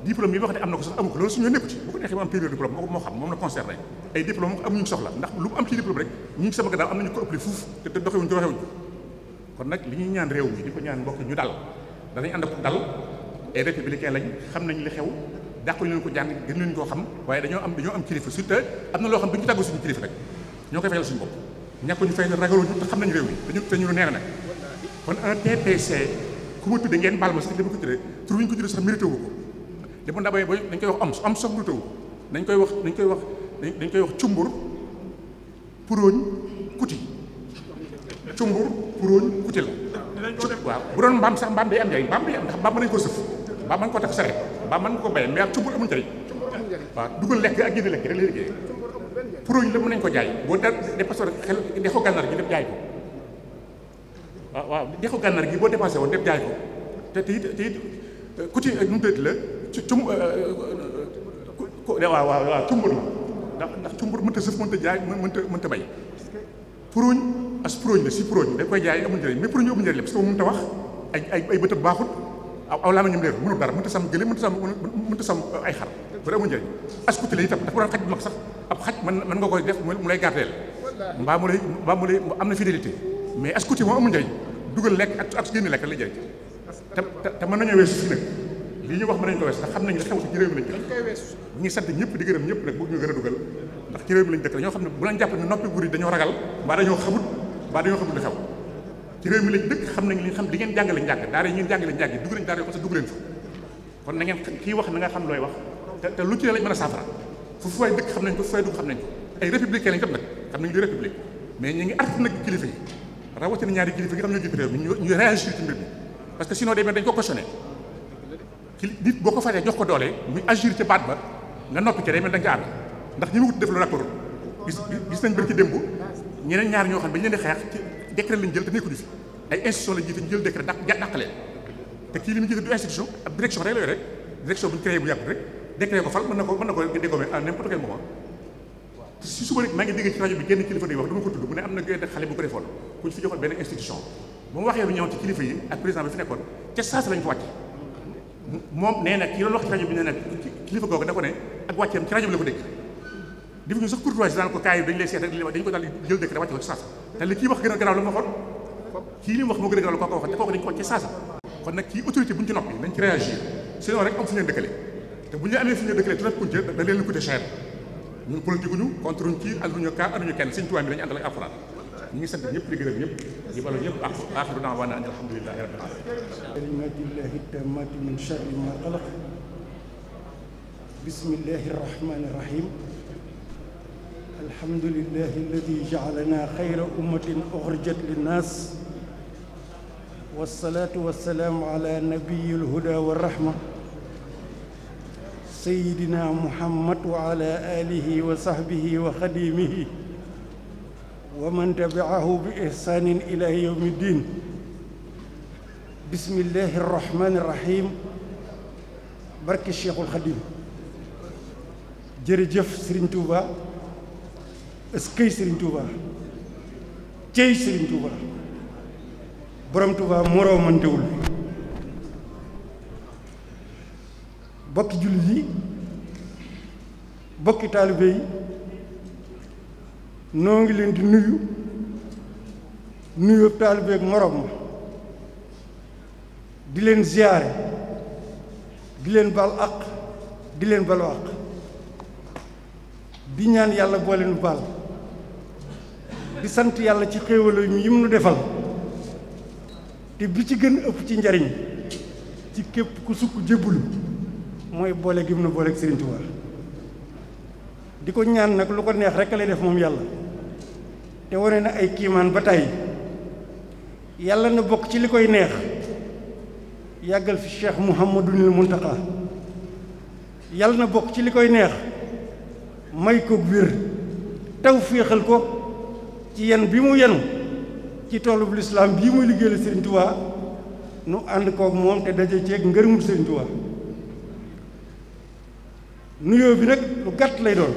D: diplôme yi wax ne am na ko sax amu ko loolu suñu nekku ci bu ko neexee ko ëppale fuuf te nag li ñuy ñaan réew mi di ko ñaan mbokk ñu dal danañ ànd ak dal ay républicain lañ xam nañ li xew dàqu leen ko jàng gën leen koo xam waaye dañoo am dañoo am kilifa surtout am na loo xam bi ñu tàggu suñu kilifa nag ñoo koy fayal suñu bopp ñàkk ñu fay ragaluñu te xam nañ réew mi dañu te ñu neex nag kon un TPC ku ma tudde ngeen baal ma sax li ma ko tudde tur wi ñu ko tudde sax mérité wu ko li mu ndabay dañ koy wax am am sax mérité dañ koy wax dañ koy wax dañ koy wax cumbur puróñ kuti cumbur puróñ kuti la waaw bu doon mbaam sax mbaam day am njëriñ mbaam day am ndax mbaam mën nañu ko sëf mbaam mën ko taf sare mbaam mën nga ko béye mais ak cumbur amul njëriñ waaw dugal lekk ak génne lekk rek la liggéey puróñ la mën nañ ko jaay boo da dépassé xel de ko gànnaar gi def jaay ko waaw ah, waaw dexu gànnaar gi boo dépassé woon dem jaay ko te te it te it ku ci mu tëdd la ci cum euh, waaw waaw waaw cumbur la ndax ndax cumbur mënta sëf mënta jaay mënta mënta bay puruñ as puruñ la si puruñ da koy jaay amul njëriñ mais puruñ amul njëriñ la parce que mënta wax ay ay ay bëtam baaxut aw laa ma ñoom leer mënul dara mënta sam gële mënta sam mënta sam euh, ay xar bu dee amul as kuti la itam dafa doon xaj bu mag sax ab xaj man mën nga koy def mu lay gardeel mbaa mu lay mbaa mu lay am na fidélité mais askuti moom amul njëriñ dugal lekk ak ak génne lekk la jëriñ te te mën nañoo weesu si nag lii ñu wax mën nañu ko weesu ndax xam nañu la xew ci réew mi lañ dëkk ñu ngi sant ñëpp di gërëm ñëpp nag bu ñu gën a dugal ndax ci réew mi lañ dëkk dañoo xam ne bu lañ jàpp ne noppi buur yi dañoo ragal mbaa dañoo xamut mbaa dañoo xamut li xew ci réew mi lañ dëkk xam nañ li xam li ngeen jàngale njàng daara yi ngeen jàngale njàng yi dugg nañ daara yoo xam ne dugg leen fa kon na ngeen kii wax na nga xam looy wax te lu ci lañ mën a saafara fu fu waay dëkk xam nañ ko fu waay dugg xam nañ ko ay républicain lañ tam nag xam nañ li république mais ñu ngi art nag kilifa yi rawatina ñaari kilifa gi xam ñoo jiite réew mi ñu réagir ci mbir mi parce que sinon demee dañ ko questionné ki nit boo ko fajee jox ko doole muy agir ci baat ba nga noppi ci day mel da nga ànd ndax ñi ma wut def lu rapport gis gis nañ bër ci démb ñeneen ñaar ñoo xam ne dañu leen di xeex ci décret lañ jël te nekkuñu fi ay institution lañ jiite ñu jël décret dàq dàq te kii li mu jiite du institution ab direction rek la yore rek direction si suba rek maa ngi dégg ci rajo bi genn kilifa day wax du ma ko tudd mu ne am na genn xale bu ko defoon ku ñu fi joxoon benn institution bu mu waxee lu ñëw ci kilifa yi ak président bi fi nekkoon ca saasa lañ ko wàcc moom nee na ki loolu wax ci rajo bi nee na kilifa googu da ko ne ak wàcceem ci rajo bi la ko dégg def ñu sax courtoisie daan ko kaay dañ lay seet rek dañu ko daal jël dëkk da wàcc ko ci saasa te li kii wax gën a garaaw la ma waxoon kii li mu wax moo gën a garaaw la koo ko waxoon te kooku dañ ko ci saasa kon nag kii autorité bu ñu ci noppi nañ ci réagir sinon rek am fu ñu leen dëkkale te bu ñu amee fu ñu leen dëkkale te nag kuñ da leen coûté cher ñun politique ñu contre ñu ci anduñu kaa anduñu kenn Sëñ Tuubaa bi lañu àndal ak alxuraan ñu ngi sant ñëpp di gërëm ñëpp di balu ñëpp ak aaxiru da'waanaa an alhamdulillahi rabbil
A: aalamiin
E: kalimaatillaahi taammaati min sharri maa xalaq bismillahi rahmaani rahim alhamdulillahi alladi ja'alanaa xayra ummatin uxrijat linnaas wassalaatu wassalaamu alaa nabiyyil hudaa wa rahma sayidina muhammad wa ala alihi wa sahbihi wa xadimihi wa man tabiahu bi ihsanin ila yawmi ddin bismillahi irrahmani irrahim barke cheikhul xadim jërëjëf sëriñ tuuba eskey sëriñ tuuba cey sëriñ tuuba borom tuuba moroo mantewul bokki jullit yi bokki taalibe yi noo ngi leen di nuyu nuyu taalibe ak moroom ma di leen ziyaare di leen bal àq di leen balu àq di ñaan yàlla boo leen bal di sant yàlla ci xéewal yi mu defal te bi ci gën ëpp ci njariñ ci képp ku sukk jébbalu mooy boole gim nu booleeg Sëriñ Tuubaa di ko ñaan nag lu ko neex rek lay def moom yàlla te wane na ay kiimaan ba tey yàlla na bokk ci li koy neex yàggal fi Cheikh Mouhamadunil Muntaqa yàlla na bokk ci li koy neex may ko wér taw féexal ko ci yen bi mu yenu ci toolub lislaam bii muy liggéeyal Sëriñ Tuubaa nu ànd kook moom te daje ceeg ngërëmul Sëriñ Tuubaa nuyoo bi nag lu gàtt lay doon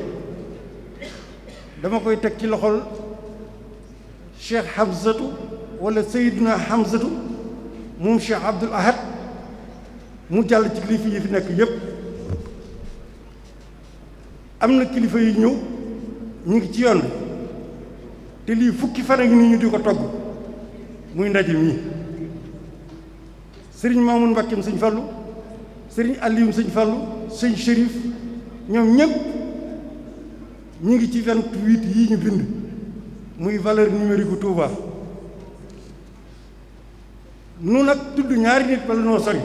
E: dama koy teg ci loxol cheikh walla wala na Hamzatu moom cheikh Abdul Ahad mu jàll ci kilifa yi fi nekk yépp am na kilifa yu ñëw ñu ngi ci yoon te lii fukki fan ak ni ñu di ko togg muy ndaje mi sëriñ Mamoun Mbakkeem sëñ Fallu sëriñ Alioum sëñ Fallu sëñ Chérif ñoom ñëpp ñu ngi ci vingt-huit yi ñu bind muy valeur numérique gu Touba nu nag tudd ñaari nit bala noo sori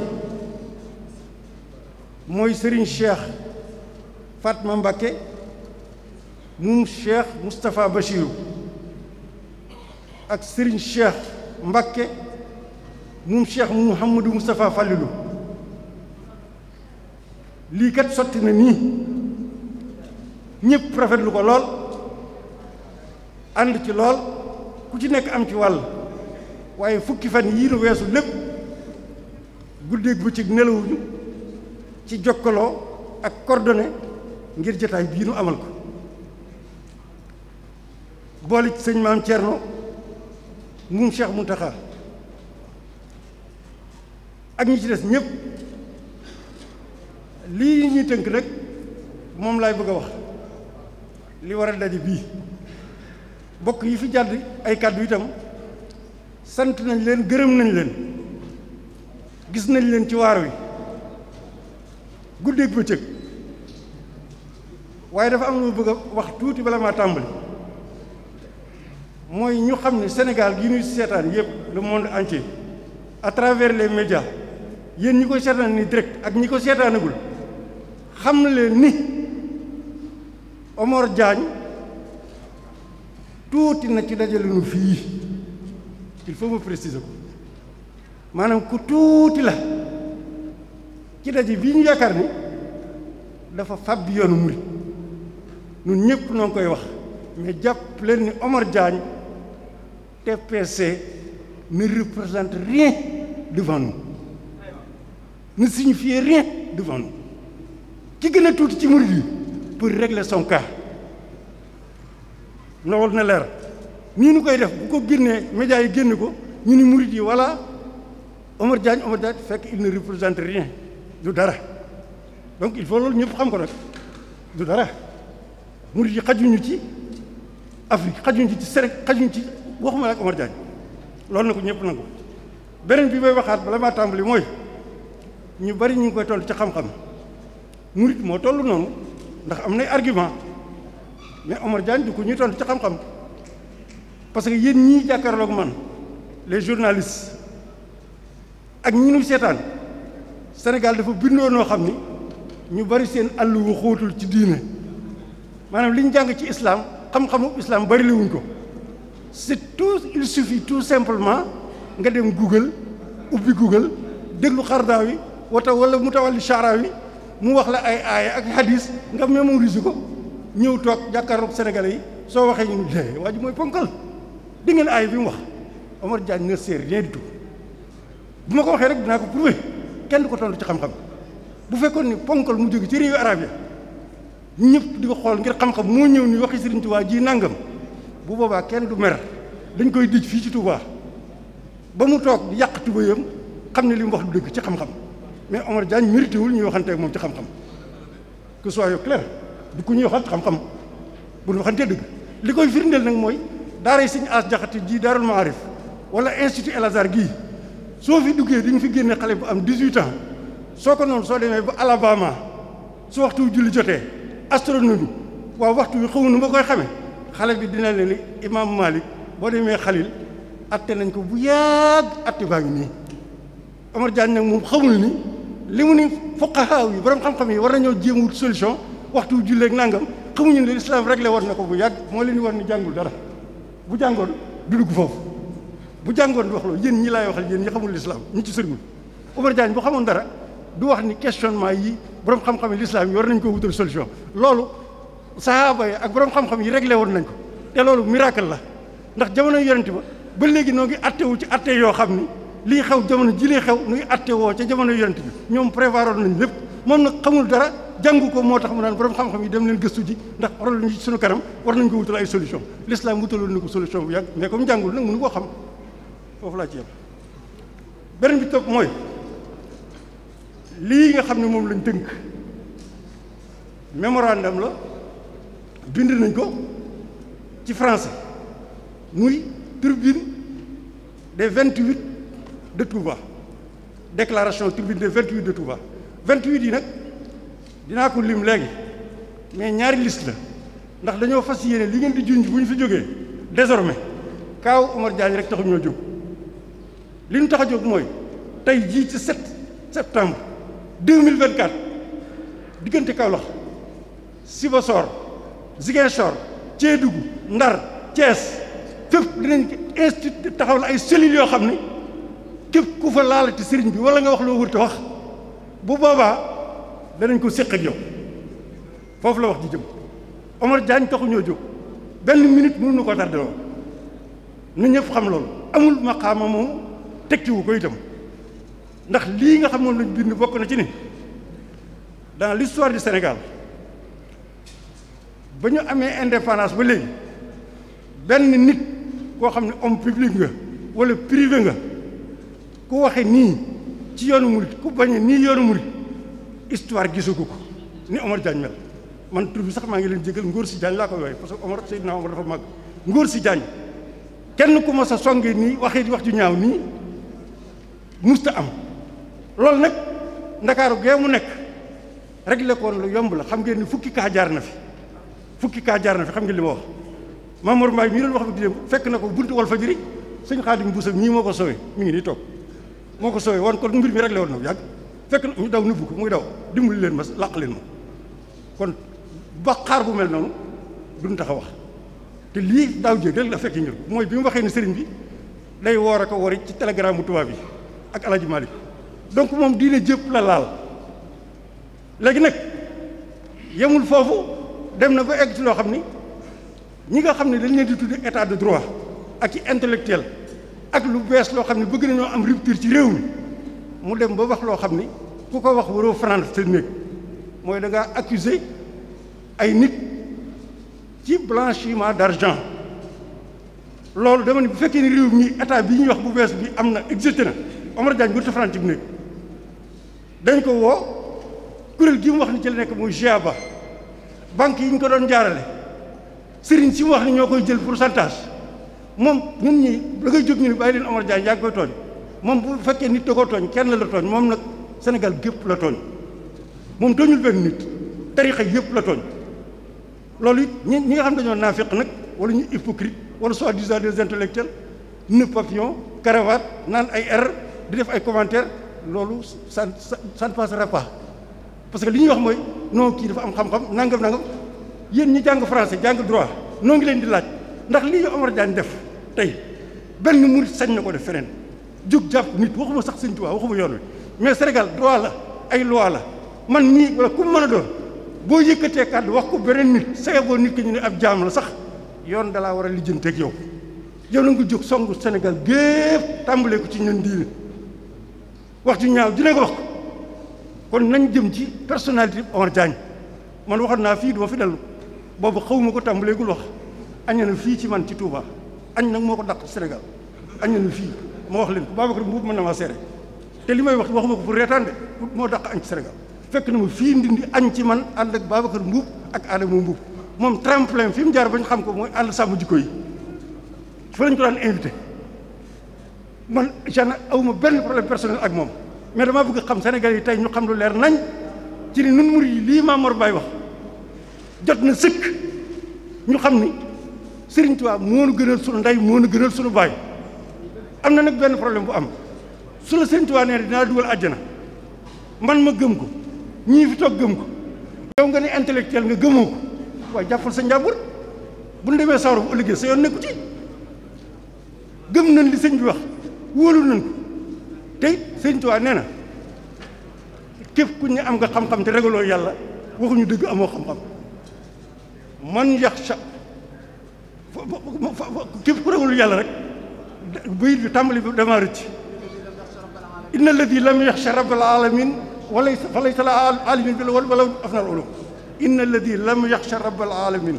E: mooy Serigne Cheikh Fatma Mbacké moom Cheikh Moustapha Bachirou ak Serigne Cheikh Mbacké moom Cheikh Mouhamadou mustafaa Fallilou lii kat sotti na nii ñëpp rafetlu ko lool ànd ci lool ku ci nekk am ci wàll waaye fukki fan yii nu weesu lépp guddeeg bëccëg nelawuñu ci jokkaloo ak coordonné ngir jotaay bii nu amal ko boole ci sëñ maam Thierno moom Cheikh Mountakha ak ñi ci des ñëpp. lii ñuy tënk nag moom laay bëgg a wax li war a daje bii bokk yi fi jàdd ay kàddu itam sant nañ leen gërëm nañ leen gis nañ leen ci waar wi guddeeg bëccëg waaye dafa am lu bëgg a wax tuuti bala maa tàmbali mooy ñu xam ne senegal gi ñuy seetaan yëpp le monde entier à travers les médias yéen ñi ko seetaan ni direct ak ñi ko seetaanagul xam leen ni Omar Diagne tuuti na ci dajale nu fii il faut ma ko maanaam ku tuuti la ci daje bii ñu yaakaar ni dafa fàbbi yoonu murit ñun ñëpp noo ngi koy wax mais jàpp leen ni Omar Diagne TPC ne représente rien devant nous ne signifie rien devant nous ki gën a tuuti ci murid yi pour régler son cas loolu na leer nii ñu koy def bu ko génnee médias yi génn ko ñu ni murid yi voilà Omar Diagne Omar Diagne fekk il ne représente rien du dara donc il faut loolu ñëpp xam ko nag du dara murid yi xajuñu ci Afrique xajuñu ci Sénégal xajuñu ci waxuma ak Omar Diagne loolu na ko ñëpp nangu beneen bi may waxaat bala ma tàmbali mooy ñu bari ñu ngi koy toll ci xam-xam murit moo toll noonu ndax am nay argument mais Omar Diagne ko ñuy tontu ci xam-xam parce que yéen ñii jàkkaarloog man les journalistes ak ñu nu seetaan Sénégal dafa bindoo noo xam ni ñu bari seen àll wu xóotul ci diine maanaam li ñu jàng ci islaam xam-xamu islam bari li wuñ ko c'est tout il suffit tout simplement nga dem Google ubbi Google déglu xardaa xardaawi wata wala mutawalli shaaraawi mu wax la ay ay ak hadis nga mémorise ko ñëw toog jàkkaaroog sénégalais yi soo waxee ñu ne waa ji mooy ponkal di ngeen aaya bi mu wax Omar Diagne ne sait rien du tout bu ma ko waxee rek dinaa ko prouver kenn du ko tontu ci xam-xam bu fekkoon ni ponkal mu jóge ci réewu arab ya ñëpp di ko xool ngir xam-xam moo ñëw ni waxi Sëriñ Tuubaa ji nangam bu boobaa kenn du mer dañ koy dij fii ci Tuubaa ba mu toog yàq tubayam xam ne li mu wax du dëgg ci xam mais Omar Diagne mérité wul ñuy waxante ak moom ci xam-xam que soit yo clair du ku ñuy waxat xam-xam bu ñu waxantee dëgg li koy firndeel nag mooy daara yi sëñ As Jaxate ji Daarul Maarif wala institut El Azhar gii soo fi duggee di fi génne xale bu am 18 ans soo ko noonu soo demee ba Alabama su waxtu julli jotee astronomie waaw waxtu wi xaw nu ma koy xamee xale bi dina leen ni imaam Malik boo demee xalil atte nañ ko bu yàgg atte baa ngi nii Omar Diagne nag moom xamul ni. li mu ni fuqahaa yi borom xam-xam yi war nañoo jéem wut solution waxtu julleeg nangam xamuñu ne lislaam réglé war na ko bu yàgg moo leen war ni jàngul dara bu jàngoon du dugg foofu bu jàngoon du wax loolu yéen ñi laay waxal yéen ñi xamul lislaam ñi ci sëriwul Omar Diagne bu xamoon dara du wax ni questionnement yi borom xam-xam yi lislaam yi war nañ ko wutal solution loolu sahaaba yi ak borom xam-xam yi réglé woon nañ ko te loolu miracle la ndax jamono yonente ba ba léegi noo ngi attewul ci atte yoo xam ni lii xew jamono ji lii xew nuy atte woo ca jamono yonent bi ñoom prévoir nañ lépp moom nag xamul dara jàngu ko moo tax mu naan borom xam-xam yi dem leen gëstu ji ndax waral nañu suñu kanam war nañ ko wutal ay solution l'islam wutaloon na ko solution bu yàgg mais comme jàngul nag mënu koo xam foofu laa ci yem beneen bi topp mooy lii nga xam ne moom lañ tënk mémorandum la bind nañ ko ci français muy tribune des vingt-huit de Touba déclaration tribune de 28 de Touba 28 yi nag dinaa ko lim léegi mais ñaari liste la ndax dañoo fas yéene li ngeen di junj bu ñu fi jógee désormais kaaw Omar Diagne rek taxu ñoo jóg li ñu tax a jóg mooy tey jii ci 7 septembre 2024 diggante Kaolack Sibassor Ziguinchor Kédougou Ndar Thiès fépp dinañ taxaw taxawal ay cellules yoo xam ni képp ku fa laalati sëriñ bi wala nga wax loo wërte wax bu boobaa danañ ko séq ak yow foofu la wax ji jëm Omar Diagne taxu ñoo jóg benn minute mënuñu ko tardé woon nu ñëpp xam loolu amul ma maqaama moom tekkiwu ko itam ndax lii nga xamoon lañ bind bokk na ci ni dans l'histoire du Sénégal ba ñu amee indépendance ba léegi benn nit koo xam ne homme public nga wala privé nga ku waxe nii ci yoonu murit ku bañe nii yoonu murit histoire gisugu ko ni Omar Diagne mel man tur bi sax maa ngi leen jégal ngóor si Diagne laa ko wooye parce que Omar Seydina Omar dafa màgg ngóor si Diagne kenn ku ma sa songee nii waxee di wax ju ñaaw nii musta am loolu nag ndakaaru gee mu nekk réglé koon lu yomb la xam ngeen ni fukki kaa jaar na fi fukki kaa na fi xam ngeen li ma wax Mamour Mbaye mii doon wax bi di fekk na ko buntu Walfadjri sëñ Xaadim Bousso ñii moo ko sowe mi ngi nii toog moo ko sooy woon kon mbir mi rek la woon nag yàgg fekk ñu daw nëbbu ko muy daw dimbali leen ma làq leen ma kon bàkkaar bu mel noonu duñ tax a wax te lii daaw jéeg rek la fekk ñu mooy bi mu waxee ne sëriñ bi day woor ak a wari ci télégramme bu tubaab yi ak El Hadj donc moom diine jëpp la laal léegi nag yemul foofu dem na ba egg ci loo xam ni ñi nga xam ne dañ leen di tudde état de droit ak ci intellectuel ak lu bees loo xam ne bëgg nañoo am rupture ci réew mi mu dem ba wax loo xam ni ku ko wax waroo France te néeg mooy da ngaa accuser ay nit ci blanchiment d'argent loolu dama bu fekkee ne réew mi état bi ñuy wax bu bees bi am na existé na Omar Diagne bu tafran ci bu nekk dañ ko woo kuréel gi mu wax ni ci la nekk muy GIA ba banque yi ñu ko doon jaarale sëriñ si mu wax ni ñoo koy jël pour pourcentage moom ñun ñi da ngay jóg ñu ne bàyyi leen Omar Diagne yaa ngi koy tooñ moom bu fekkee nit da koo tooñ kenn la tooñ moom nag Sénégal gépp la tooñ moom tooñul benn nit tarixa yëpp la tooñ loolu it ñi ñi nga xam ne dañoo naafiq nag wala ñu hypocrite wala soi-disant des intellectuels ne papillon cravate naan ay erreur di def ay commentaires loolu ça ça ne passera parce que li ñuy wax mooy noo kii dafa am xam-xam nangam nangam yéen ñi jàng français jàng droit noo ngi leen di laaj ndax lii Omar Diagne def tey benn murit sañ na ko def feneen jóg jàpp nit waxuma sax Sëñ Tuubaa waxuma yoon wi mais Sénégal droit la ay loi la man nii wala ku mën a doon boo yëkkatee kàddu wax ko beneen nit sayagoo nit ki ñu ne ab jaam la sax yoon dalaa war a lijjanteek yow yow na nga jóg songu senegal gépp tàmbalee ci ñun diine wax ju ñaaw dina ko wax ko kon nañ jëm ci personnalité Omar Diagne man waxoon naa fii duma fi dellu boobu xaw ma ko tàmbaleegul wax aññe na fii ci man ci Touba. añ nag moo ko dàq Sénégal añ na fii moo wax leen ko Babacar Mbuub mën na maa seere te li may wax waxuma ko pour reetaan de moo dàq añ ci Sénégal fekk na ma fii ndindi añ ci man ànd ak Babacar Mbuub ak Adama Mbuub moom tremplin fi mu jaar bañ xam ko mooy ànd sàmm jikko yi fa lañ ko daan invité man jana awma benn problème personnel ak moom mais damaa bëgg xam Sénégal yi tey ñu xam lu leer nañ ci ni nun murid yi lii Maamor wax jot na sëkk xam ni Sëriñ Tuubaa moo nu gënal sunu ndey moo nu gënal sunu baay am na nag benn problème bu am su la Sëriñ Tuubaa nee dinaa dugal àjjana man ma gëm ko ñii fi toog gëm ko yow nga ne intellectuel nga gëmoo ko waaye jàppal sa njàmbur bu ñu demee sawar bu ëllëgee sa yoon nekku ci gëm nañ li sëñ bi wax wóolu nañ ko tey Sëriñ nee na képp ku ñu am nga xam-xam te ragaloo yàlla waxuñu dëgg amoo xam-xam man yax képp ku ragalul yàlla rek bayit bi tàmbali bi dama rëcc inna alladi lam yaxsha rabbal alamin walaysa fa laysa la alimin bi wala inna alladi lam yaxsha rabbal alamin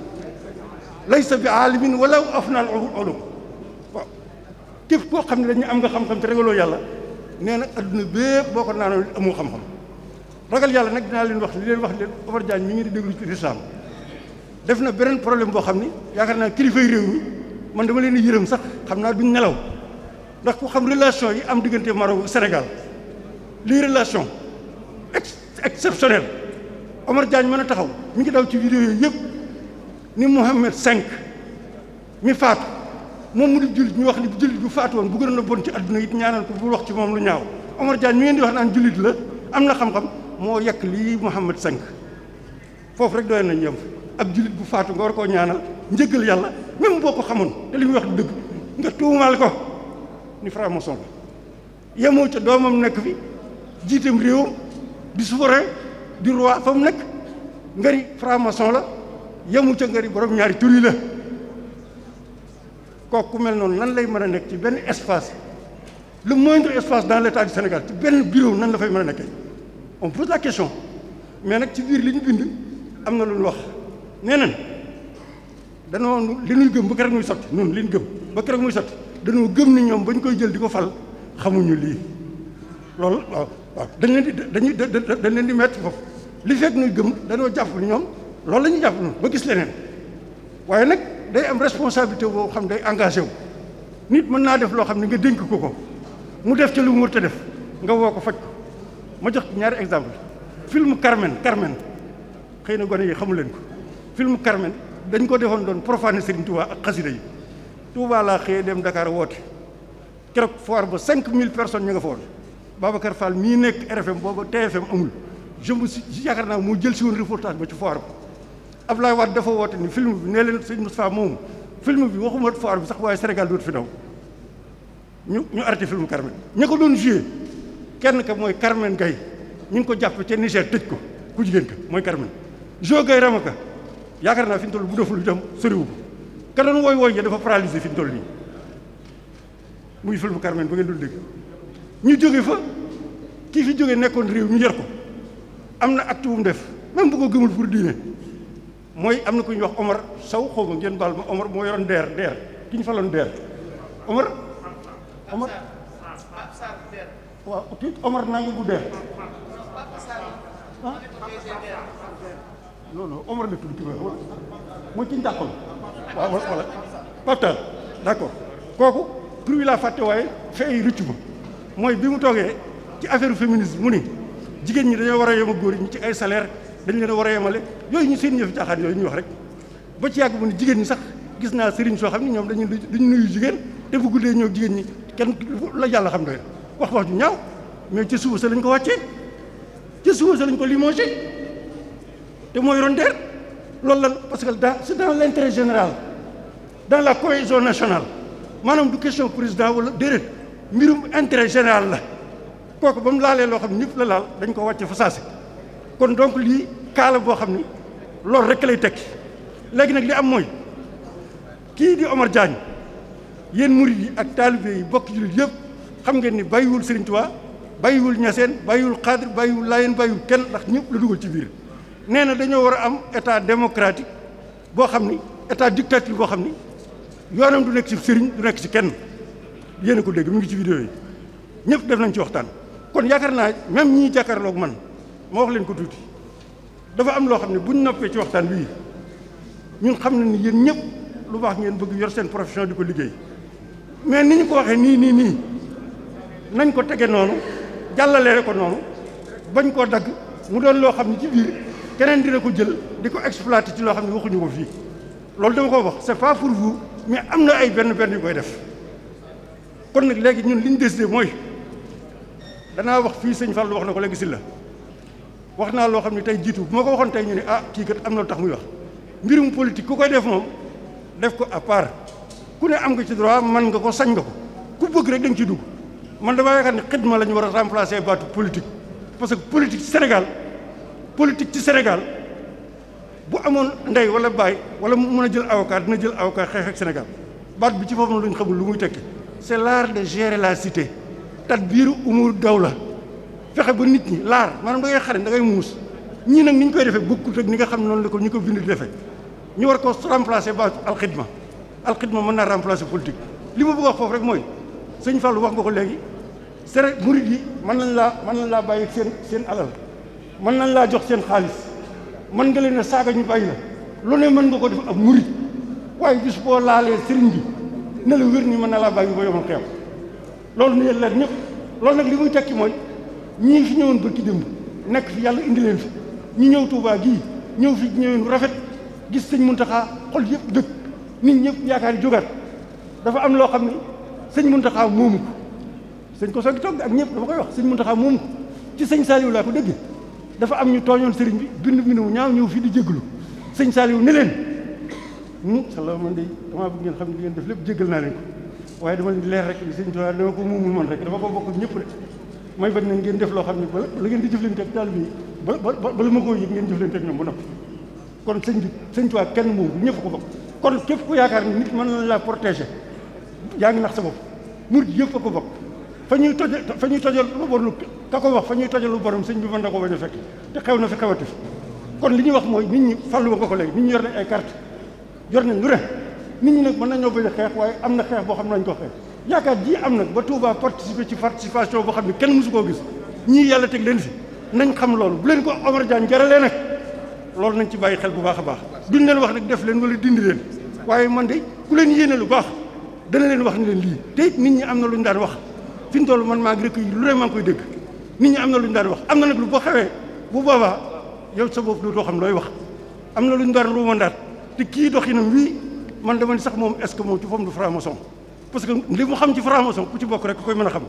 E: laysa bi alimin wala afnal ulum waaw képp koo xam ne dañu am nga xam-xam te ragaloo yàlla nee na adduna bépp boo ko naanoo amoo xam-xam ragal yàlla nag dinaa leen wax li leen wax leen Omar Diagne mi ngi di déglu ci def na beneen problème boo xam ni yaakaar naa kilifay réew mi man dama leen yërëm sax xam naa duñ nelaw ndax ku xam relation yi am diggante Maroc Sénégal lii relation exceptionnelle Omar Diagne mën a taxaw mi ngi daw ci vidéo yooyu yëpp ni Mohammed cinq mi faatu moom mu di jullit ñu wax ni jullit bu faatu woon bu gënoon a bon ci adduna it ñaanal ko bu wax ci moom lu ñaaw Omar Diagne mu ngeen di wax naan jullit la am na xam-xam moo yekk lii Mohammed cinq foofu rek doy nañ yem ak jullit bu faatu nga war koo ñaanal njëggal yàlla même boo ko xamoon te li muy wax du dëgg nga tuumaal ko ni franc-maçon la yemoo ca doomam nekk fi jiitam réewam di souverain di roi fa mu nekk ngari la yemu ca ngari borom ñaari tur yi la kooku mel noonu nan lay mën a nekk ci benn espace le moindre espace dans l'état du Sénégal ci benn bureau nan la fay mën a nekkee on pose la question mais nag ci biir li ñu bind am na lu ñu wax nee nañ danoo li ñuy gëm ba keroog muy sotti noonu li ñu gëm ba keroog muy sotti danoo gëm ni ñoom ba ñu koy jël di ko fal xamuñu lii loolu waaw waaw dañ leen di dañuy dañ leen di metti foofu li fekk ñuy gëm danoo jàpp ni ñoom loolu la ñuy jàpp noonu ba gis leneen waaye nag day am responsabilité boo xam day engagé wu nit mën naa def loo xam ne nga dénk ko ko mu def ca lu mu war a def nga woo ko faj ko ma jox ñaari exemple film Carmen Carmen xëy na gone yi xamu leen ko film Carmen dañ ko defoon doon profané Serigne Touba ak xasida yi Touba laa xëyee dem Dakar woote keroog foire ba 5000 personnes ñu nga fa woon Babacar Fall mii nekk RFM booba TFM amul je yaakaar naa moo jël si woon reportage ba ci foire ba Abdoulaye Wade dafa woote ni film bi nee leen Serigne Moustapha moomu film bi waxuma foire bi sax waaye Sénégal dootu fi daw ñu ñu arrêté film Carmen ña ko doon joué kenn ka mooy Carmen Gaye ñu ngi ko jàpp ca Niger ko ku jigéen mooy Carmen yaakaar naa fi mu toll bu deful itam soriwul ka doon wooy wooy ja dafa paralysé fi mu toll nii muy filmu Carmen ba ngeen dul dégg ñu jóge fa kii fi jóge nekkoon réew ñu jar ko am na acte bu def même bu ko gëmul pour diine mooy am na ku ñuy wax Omar saw xaw ngeen baal ma Omar moo yoroon deer deer ki ñu faloon deer Omar Omar waaw Omar naa ngi bu deer non non Omar la tudd tubaab mooy ci njàqal waaw kooku tur bi laa fàtte waaye fay rëccu ma mooy bi mu toogee ci affaire féminisme mu ni jigéen ñi dañoo war a yem ak góor ñi ci ay salaire dañ leen a war a yemale yooyu ñu seen ñëfi caaxaan yooyu ñu wax rek ba ci yàgg mu ni jigéen ñi sax gis naa sëriñ soo xam ne ñoom dañu dañu nuyu jigéen te bu guddee ñoo jigéen ñi kenn la yàlla xam doy wax wax ju ñaaw mais ci suuf sa lañ ko wàcce ci suba sa lañ ko limogé te mooy yoroon DER loolu lan parce que dans c'est dans général dans la cohésion national maanaam du question président wala déedéet mbirum intérêt général la kooku ba mu laalee loo xam ne ñëpp la laal dañ ko wàcce fa saase kon donc lii kaala boo xam ni loolu rekk lay tekki léegi nag li am mooy kii di Omar Diagne yéen murid yi ak taalibe yi bokk jullit yëpp xam ngeen ni bàyyiwul Serigne Touba bàyyiwul Niassène bàyyiwul Khadr bàyyiwul Layène bàyyiwul kenn ndax ñëpp la dugal ci biir nee na dañoo war a am état démocratique boo xam ni état dictature boo xam ni yoonam du nekk ci sëriñ du nekk ci kenn yéen ko dégg mu ngi ci vidéo yi ñëpp def nañ ci waxtaan. kon yaakaar naa même ñii jàkkaarloog man ma wax leen ko tuuti dafa am loo xam ne buñ noppee ci waxtaan bii ñun xam na ni yéen ñëpp lu baax ngeen bëgg yor seen profession di ko liggéey mais ni ñu ko waxee nii nii nii nañ ko tege noonu jàllalee ko noonu bañ koo dagg mu doon loo keneen dina ko jël di ko exploité ci loo xam ne waxuñu ko fii loolu dama koo wax c'est pas pour vous mais am na ay benn benn yu koy def kon nag léegi ñun li ñu décidé mooy danaa wax fii sëñ Fallou wax na ko léegi si la wax naa loo xam ne tey jiitu bu ma ko waxoon tey ñu ne ah kii kat am na lu tax muy wax mbirum politique ku koy def moom def ko à ku ne am nga ci droit man nga ko sañ nga ko ku bëgg rek da ci ciy dugg man damaa yaakaar ne xidma la ñu war a remplacer baatu politique parce que politique Sénégal. politique ci Sénégal bu amoon ndey wala baay wala mu mën a jël avocat dina jël avocat xeex ak Sénégal baat bi ci foofu na lu ñu xamul lu muy tekki c'est l'art de gérer la biiru tadbiiru daw la fexe ba nit ñi laar maanaam da ngay xare da ngay muus ñii nag ni ñu koy defee bokkut ak ni nga xam noonu la ko ñu ko bind di defee ñu war ko remplacer ba alxidma alxidma mën naa remplacer politique li ma bëgg wax foofu rek mooy sëñ Fallou wax nga ko léegi sere murid yi mën nañ laa mën nañ laa bàyyi seen seen alal mën nañ laa jox seen xaalis mën nga leen a saaga ñu bàyyi la lu ne mën nga ko def ab murit waaye gis boo laalee sëriñ bi ne la wér ni mën na laa bàyyi ko yomal xew loolu nu leen ñëpp loolu nag li muy tekki mooy ñii fi ñëwoon bëkki démb nekk fi yàlla indi leen fi ñi ñëw Tuubaa gii ñëw fi ñëween rafet gis sëñ Muntaxaa xol yëpp dëkk nit ñëpp yaakaar yi jógaat dafa am loo xam ne sëñ Muntaxaa moomu ko sëñ ko soog togg ak ñëpp dafa koy wax sëñ Muntaxaa moomu ko ci sëñ Saaliw laa ko dégg dafa am ñu tooñoon sëriñ bi bind bind mu ñaaw ñëw fii di jégalu sëñ Saliou ne leen hmm, salaam man de damaa bëgg ngeen xam ne li ngeen def lépp jégal naa leen ko waaye dama leen di leer rek bi sëñ man rek dama ko bokk ñëpp rek may bañ ngeen def loo xam ne bala la ngeen di jëflante ak taalibe yi ba bala ma koo yëg ngeen jëflante ak ñoom bu noppi kon sëñ bi sëñ Tuubaa kenn moom bu ñëpp ko bokk kon képp ku yaakaar ni nit mën na laa protéger yaa ngi nax sa bopp murid yëpp ko bokk fa ñuy toj fa ñuy tojal lu bon ka ko wax fa ñuy tojal lu borom sëñ bi mën na ko bañ a fekk te xew na fi xewati fi kon li ñuy wax mooy nit ñi fàllu nga ko léegi nit ñi yor ay carte yor nañ lu re nit ñi nag mën nañoo bañ a xeex waaye am na xeex boo xam nañ ko xeex yaakaar ji am nag ba Touba participer ci participation boo xam ne kenn mësu koo gis ñii yàlla teg leen fi nañ xam loolu bu leen ko Omar Diagne jaralee nag loolu nañ ci bàyyi xel bu baax a baax duñ leen wax nag def leen wala dindi leen waaye man de ku leen yéene lu baax dana leen wax ne leen lii te nit ñi am na luñ daan wax fi ñu toll man maa ngi rëkk lu ne maa koy dégg nit ñi am na lu ñu daan wax am na nag lu boo xewee bu boobaa yow sa bopp dootoo xam looy wax am na lu ñu daan ruumandaat te kii doxinam wii man dama ni sax moom est-ce que moom ci foofu du franc parce que li mu xam ci franc-maçon ci bokk rek ku koy mën a xam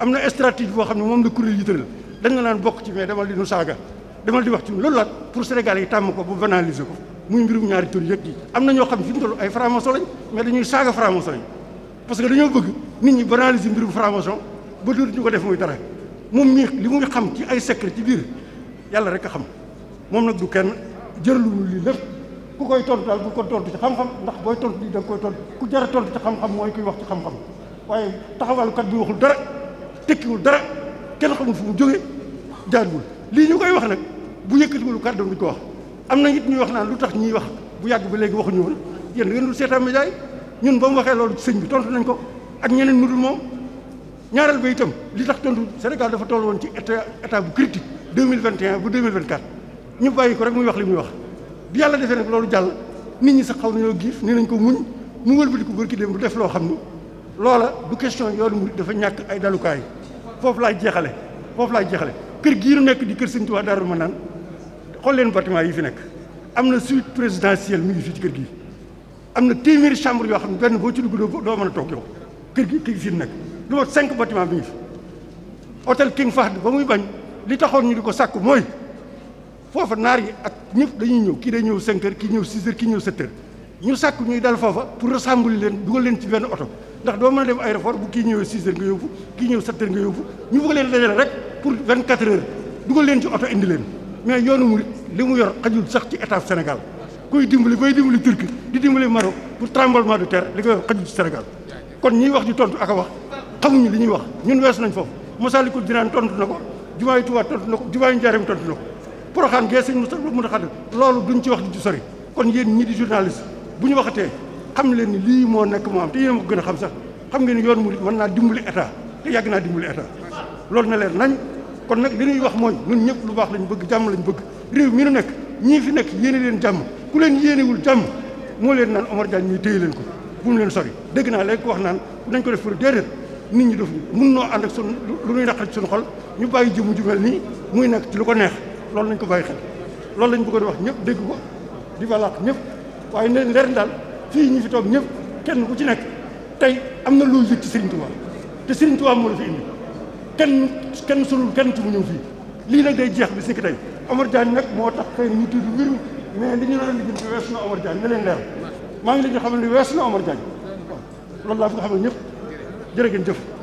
E: am na stratégie boo xam ne moom la kuréel yi tëral dañ naan bokk ci mais demal di nu saaga demal di wax ci loolu laat pour Sénégal yi tàmm ko bu banaliser ko muy mbirum ñaari tur yëg yi am na ñoo xam fi toll ay franc-maçon lañ mais dañuy saaga franc-maçon yi parce que dañoo bëgg nit ñi banaliser mbirum franc-maçon ba dootuñu ko def muy dara moom mii li muy xam ci ay secret ci biir yàlla rek a xam moom nag du kenn jërluwul lii lépp ku koy tontu daal bu ko tontu ci xam-xam ndax booy tontu lii da koy tontu ku jar a tontu ci xam-xam mooy kuy wax ci xam-xam waaye kat bi waxul dara tekkiwul dara kenn xamul fu mu jógee jaaduwul lii ñu koy wax nag bu yëkkatiwul kàddu duñ ko wax am na nit ñuy wax naan lu tax ñuy wax bu yàgg ba léegi waxuñu woon yéen ngeen média ñun ba mu waxee loolu sëñ bi tontu nañ ko ak ñeneen ñu dul moom ñaareel ba itam li tax tontu Sénégal dafa toll woon ci état état bu critique 2021 bu 2024 ñu bàyyi ko rek muy wax li muy wax bi yàlla defee nag loolu jàll nit ñi sax xaw nañoo giif ni nañ ko muñ mu wëlbati ko bërki dem bu def loo xam ni loola du question yoonu murid dafa ñàkk ay dalukaay foofu laay jeexale foofu laa jeexale kër gii nu nekk di kër Sëñ Tuubaa Daaru Manaan xool leen bâtiment yi fi nekk am na suite présidentielle mi ngi fii ci kër gii am na téeméeri chambre yoo xam ne benn boo ci dugg doo mën a toog yow kër gi kër gi fi nekk lu mot cinq bâtiment bi ngi fi hôtel King Fahd ba muy bañ li taxoon ñu di ko sàkk mooy foofa naar yi ak ñëpp dañuy ñëw kii day ñëw cinq kii ñëw six heures kii ñëw sept heures ñu sàkk ñuy dal foofa pour rassembler leen dugal leen ci benn oto ndax doo mën a dem aéroport bu kii ñëwee six heures nga yóbbu kii ñëw sept heures nga yóbbu ñu bëgg leen dajale rek pour vingt quatre heures dugal leen ci oto indi leen mais yoonu murit li mu yor xajul sax ci état Sénégal koy dimbali koy dimbali Turquie di dimbali Maroc pour tremblement de terre li koy wax xajul ci Sénégal kon ñii wax di tontu ak a wax xamuñu li ñuy wax ñun wees nañ foofu Masaalikul Jinaan tontu na ko jumaa yi Tuubaa tontu na ko jumaa yi Njaaréem tontu na ko Poroxaan gee sëñ Moussa mën a xadd loolu duñ ci wax di ci sori kon yéen ñii di journaliste bu ñu waxatee xam leen ni lii moo nekk moo am te yéen a ko gën a xam sax xam ngeen ni yoon murid mën naa dimbali état yàgg naa dimbali état loolu na leer nañ kon nag li wax mooy ñun ñëpp lu baax lañ bëgg jàmm lañ bëgg réew mi nu nekk ñii fi nekk yéene leen jàmm ku leen yéenewul jàmm moo leen naan Omar Diagne mii téye leen ko bu mu leen sori dégg naa léegi ko wax naan nañ ko def pour déedéet nit ñi def mun noo ànd ak sun lu ñuy naqal ci suñu xol ñu bàyyi jëmu ju mel nii muy nekk ci lu ko neex loolu lañ ko bàyyi xel loolu lañ bëggoon wax ñëpp dégg ko di balaat ñëpp waaye ne leer daal fii ñi fi toog ñëpp kenn ku ci nekk tey am na loolu yëg ci Serigne Touba te Serigne Touba moo la fi indi kenn kenn solul kenn ci mu ñëw fii lii nag day jeex bi si ki tey Omar nag moo tax mais li ñu doon lijjanti weesu na Omar Diagne na leen leer maa ngi leen di xamal ni weesu na Omar Diagne waaw loolu laa bëgg a xamal ñëpp jërë ngeen jëf